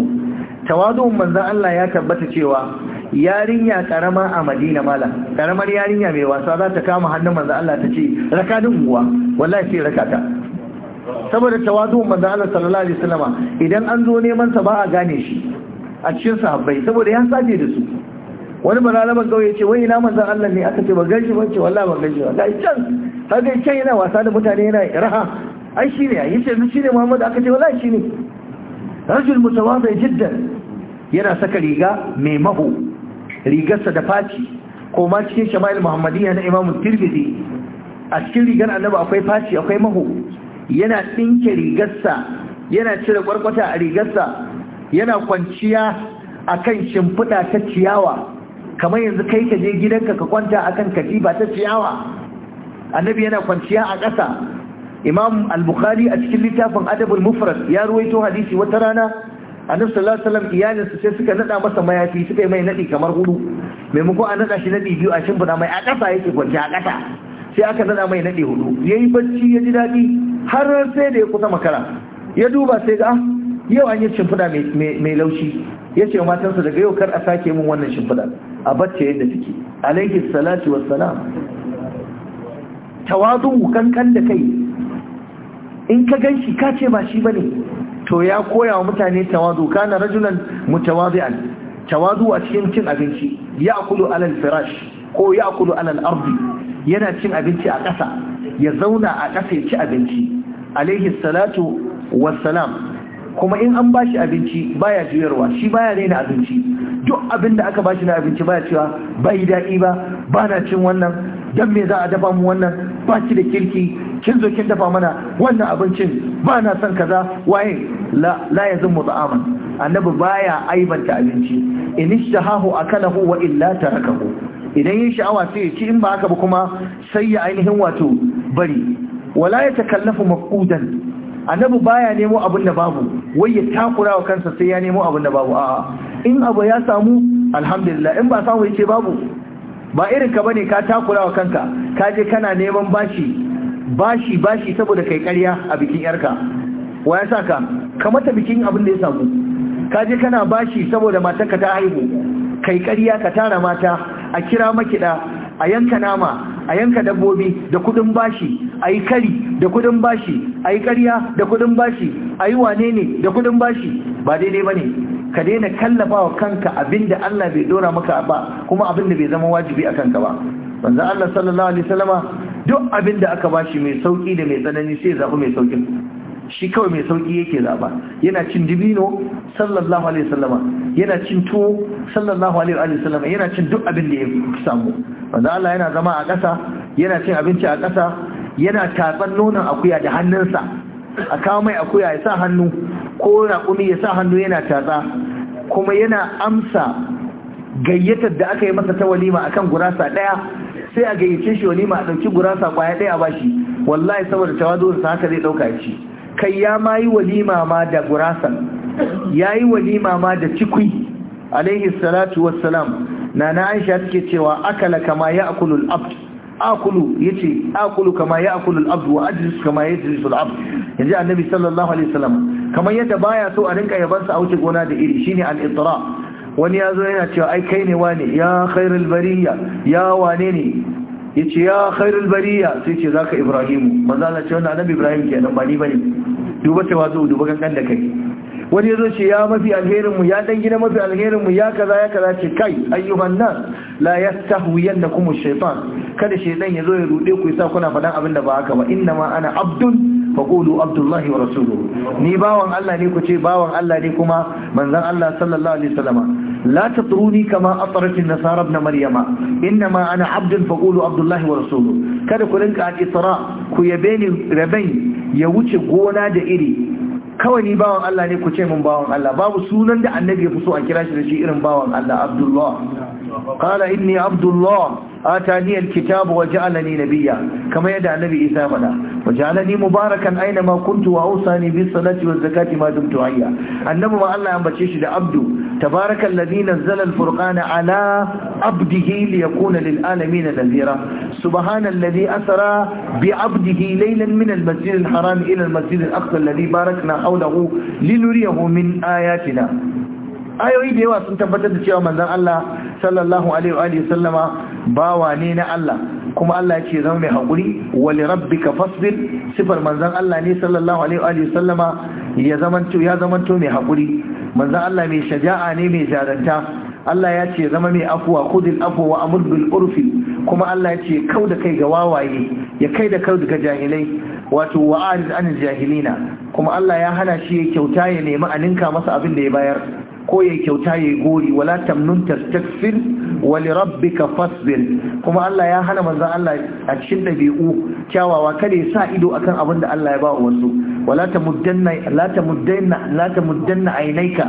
tawadu'un manzon Allah ya tabbata cewa yarinya karama a Madina mala karamar yarinya mai wasa za ta kama hannun manzon Allah ta ce raka din uwa wallahi sai raka ta saboda tawadu'un manzon Allah sallallahu alaihi wasallama idan an zo neman sa ba a gane shi a cikin sahabbai saboda ya saje da su wani balalaban kauye ce wai ina manzan Allah ne aka ce ba ganshi ba ce wallahi ba ganshi ba ga kaga can yana wasa da mutane yana raha ai shine ai yace shine Muhammad aka ce wallahi shine rajul mutawadi jiddan yana saka riga mai maho rigarsa da faci ko ma cikin shama'il muhammadiyya na imamu tirmidhi a cikin rigar annabi akwai faci akwai maho yana tsinke rigarsa yana cire kwarkwata a rigarsa yana kwanciya akan shimfiɗa ta ciyawa kamar yanzu kai ka je gidanka ka kwanta akan katifa ta ciyawa annabi yana kwanciya a ƙasa imam al-bukhari a cikin littafin adabul mufrad ya ruwaito hadisi wata rana annabi sallallahu alaihi wasallam iyalinsa sai suka nada masa mayafi suka yi mai nadi kamar hudu Maimako a nada shi nadi biyu a shimfida mai a ƙasa yake kwanciya a ƙasa sai aka nada mai nadi hudu yayi bacci ya ji dadi har sai da ya kusa makara ya duba sai ga ah, yau an yi shimfida mai laushi ya ce matansa daga yau kar a sake min wannan shimfida a bacce yadda take alaihi salatu wassalam tawadu kankan da kai in ka gan shi ka ce ba shi bane to ya koya wa mutane tawadu kana rajulan mutawazi'an tawadu a cikin cin abinci ya akulu alal firash ko ya akulu alal ardi yana cin abinci a ƙasa ya zauna a ƙasa ya ci abinci alaihi salatu wassalam kuma in an bashi abinci baya juyarwa shi baya daina abinci duk abin da aka bashi na abinci baya cewa bai daɗi ba bana cin wannan dan me za a dafa mu wannan ba ki da kirki kin zo kin dafa mana wannan abincin ba na son kaza waye la la yazmu ta'aman annabi baya aibanta abinci in ishtahahu akalahu wa illa tarakahu idan yin sha'awa sai ya ci in ba haka ba kuma sai ya ainihin wato bari wala ya takallafu makudan. annabi baya nemo abin da babu wai ya takura wa kansa sai ya nemo abin da babu a'a in abu ya samu alhamdulillah in ba samu yace babu ba irin ka bane ka takura wa kanka ka je kana neman bashi bashi bashi saboda kai ƙarya a bikin yarka wa ya saka ka mata bikin abin da ya samu ka je kana bashi saboda matar ka ta haihu kai ƙarya ka tara mata a kira makiɗa a yanka nama a yanka dabbobi da kudin bashi a yi kari da kudin bashi a yi ƙarya da kudin bashi a yi wane ne da kudin bashi ba daidai ba ne ka daina kallafa wa kanka abinda Allah bai dora maka ba kuma abinda bai zama wajibi a kanka ba banza Allah sallallahu alaihi wasallama duk abinda aka bashi mai sauki da mai tsanani sai zabu mai sauki shi kawai mai sauki yake zaba yana cin dibino sallallahu alaihi wasallama yana cin tuwo sallallahu alaihi wasallama yana cin duk abin da ya samu banza Allah yana zama a ƙasa yana cin abinci a ƙasa yana tatsan nonon akuya da hannunsa a kawo mai akuya ya sa hannu ko raƙumi ya sa hannu yana tatsa kuma yana amsa gayyatar da aka yi masa ta walima akan gurasa ɗaya sai a gayyace shi walima a ɗauki gurasa ƙwaya ɗaya ba bashi wallahi saboda sa haka zai ɗauka shi kai ya ma yi walima ma da gurasa, ya yi walima ma da cikui alaihi salatu wassalam na na aisha take cewa akala kama ya akulul abd akulu yace akulu kama ya'kulu al-abd wa ajlis kama yajlis al-abd yaji annabi sallallahu alaihi wasallam kamar yadda baya so a rinka yabansa a wuce gona da iri shine al idra wani ya zo yana cewa ai kai ne wane ya khairul bariya ya wane ne yace ya khairul bariya sai ce zaka ibrahimu manzo Allah ce wannan annabi ibrahim ke ba ni bane duba cewa zo duba gangan da kai wani ya zo ce ya mafi alherin mu ya dan gina mafi alherin mu ya kaza ya kaza ce kai ayyuhan nas la yastahwiyannakum ash-shaytan kada shaytan ya zo ya rude ku yasa kuna fadan abin da ba haka ba inna ma ana abdun faqulu abdullahi wa ni bawan Allah ne ku ce bawan Allah ne kuma manzon Allah sallallahu alaihi wasallama la tatruni kama atarat an-nasara na maryama inma ana abdun faqulu abdullahi wa rasuluhu kada ku rinka al-isra ku yabe ni ya wuce gona da iri kawai ni bawan Allah ne ku ce mun bawan Allah babu sunan da annabi ya fi so a kira shi da shi irin bawan Allah abdullah قال إني عبد الله آتاني الكتاب وجعلني نبيا كما يدعى النبي إسا فدا وجعلني مباركا أينما كنت وأوصاني بالصلاة والزكاة ما دمت حيا النبي ما الله أن بتشيش لعبد تبارك الذي نزل الفرقان على عبده ليكون للعالمين نذيرا سبحان الذي أسرى بعبده ليلا من المسجد الحرام إلى المسجد الأقصى الذي باركنا حوله لنريه من آياتنا ayoyi da yawa sun tabbatar da cewa manzan Allah sallallahu alaihi wa alihi sallama bawa ne na Allah kuma Allah ya ce zama mai haƙuri wa li rabbika fasbir sifar manzan Allah ne sallallahu alaihi wa alihi sallama ya zamanto ya zamanto mai haƙuri Manzan Allah mai shaja'a ne mai jaranta Allah ya ce zama mai afuwa khudil afwa wa amur bil urfi kuma Allah ya ce kau da kai ga wawaye ya kai da kau ga jahilai wato wa'arid anil jahilina kuma Allah ya hana shi ya kyauta ya nemi a ninka masa abin da ya bayar ko ya kyauta ya gori wala tamnun tastakfir wa li rabbika fasbir kuma Allah ya hana manzo Allah a cikin dabi'u kyawawa kada ya sa ido akan abin da Allah ya ba wa wasu wala tamuddanna la tamuddanna la tamuddanna aynaika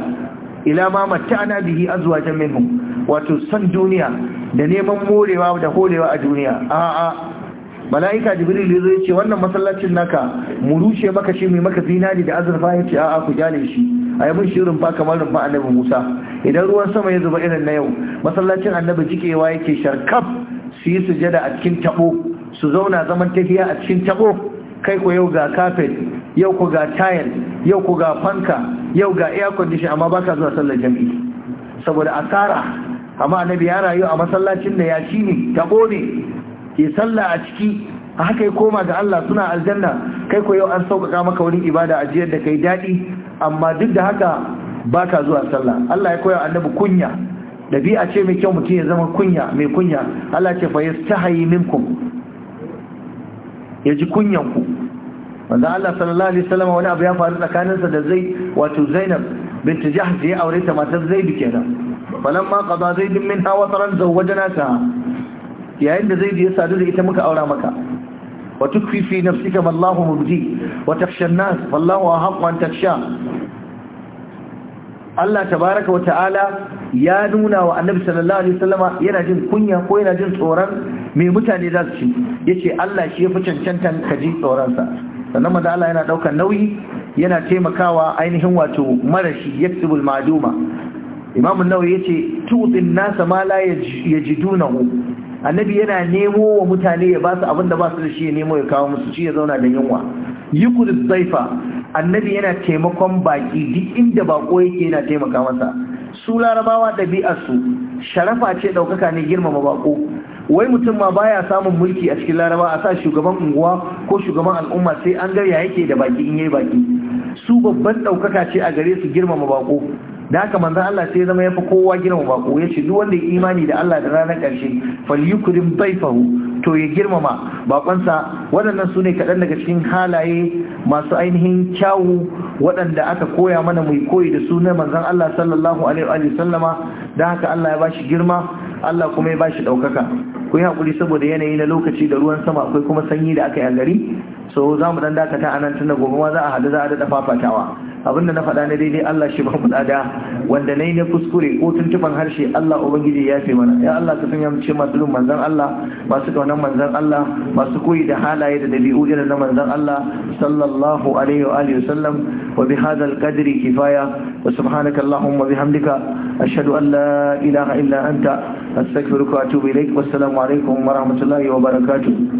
ila ma matta'na bihi azwajan minhum wato san duniya da neman morewa da horewa a duniya a'a mala'ika jibril zai ce wannan masallacin naka mu rushe maka shi mai maka zinari da azurfa ya yace a ku jale shi a yi mashi rumfa kamar rumfa annabi musa idan ruwan sama ya zuba irin na yau masallacin annabi jikewa yake sharkaf su yi sujada a cikin tabo su zauna zaman tafiya a cikin tabo kai ko yau ga kafet yau ko ga tayar yau ko ga fanka yau ga air condition amma baka zuwa sallar jami'i saboda asara amma annabi ya rayu a masallacin da ya shi ne tabo ne ke sallah a ciki a haka ya koma ga Allah suna aljanna kai ko yau an sauƙaƙa maka wurin ibada ajiyar da kai daɗi amma duk da haka ba ka zuwa sallah Allah ya koya annabi kunya dabi'a ce mai kyau mutum ya zama kunya mai kunya Allah ce fa yastahi minkum yaji kunyan ku wanda Allah sallallahu alaihi wasallam wani abu ya faru tsakaninsa da Zaid wato Zainab bint Jahsh ya aure ta matar Zaid kenan falamma qada Zaid minha wataran zawwajanata yayin da Zaid ya sadu da ita muka aura maka وتخفي في نفسك ما الله مبديه وتخشى الناس والله أحق أن Allah tabaraka wata'ala ya nuna wa annabi sallallahu alaihi wasallama yana jin kunya ko yana jin tsoron me mutane za su ci yace Allah shi yafi cancantan ka ji tsoron sa sannan manzo Allah yana daukar nauyi yana taimakawa ainihin wato marashi yaktubul maduma Imam an-Nawawi yace tudin nasa ma la yajidunahu annabi yana nemo wa mutane ya ba su abin da ba su da shi ya nemo ya kawo musu shi ya zauna da yunwa yukuris zaifa annabi yana taimakon baki duk inda bako yake yana taimaka masa su larabawa ɗabi'arsu sharafa ce ɗaukaka ne girmama bako wai mutum ma baya samun mulki a cikin laraba a sa shugaban unguwa ko shugaban al'umma sai an yake da baki in yayi baki su babban ɗaukaka ce a gare su girmama bako da haka manzon Allah sai zama yafi kowa girma bako yace duk wanda ya imani da Allah da ranar karshe falyukrim dayfahu to ya girmama bakonsa waɗannan su ne kaɗan daga cikin halaye masu ainihin kyawu waɗanda aka koya mana mai koyi da su na manzon Allah sallallahu alaihi wa sallama da haka Allah ya bashi girma Allah kuma ya bashi ɗaukaka ku yi haƙuri saboda yanayi na lokaci da ruwan sama akwai kuma sanyi da aka yi a gari so za mu ɗan dakata a nan tun gobe ma za a haɗu za a daɗa fafatawa abinda na faɗa na daidai Allah shi ba mulada wanda yi na kuskure ko tuntuban harshe Allah ubangiji ya fi mana ya Allah ka sanya ce masu lun manzon Allah masu kaunan manzon Allah masu koyi da halaye da dabi'u irin na manzon Allah sallallahu alaihi wa alihi wasallam wa bi hadha al kifaya wa subhanaka allahumma bihamdika ashhadu an la ilaha illa anta astaghfiruka wa atubu ilaik wassalamu alaikum wa rahmatullahi wa barakatuh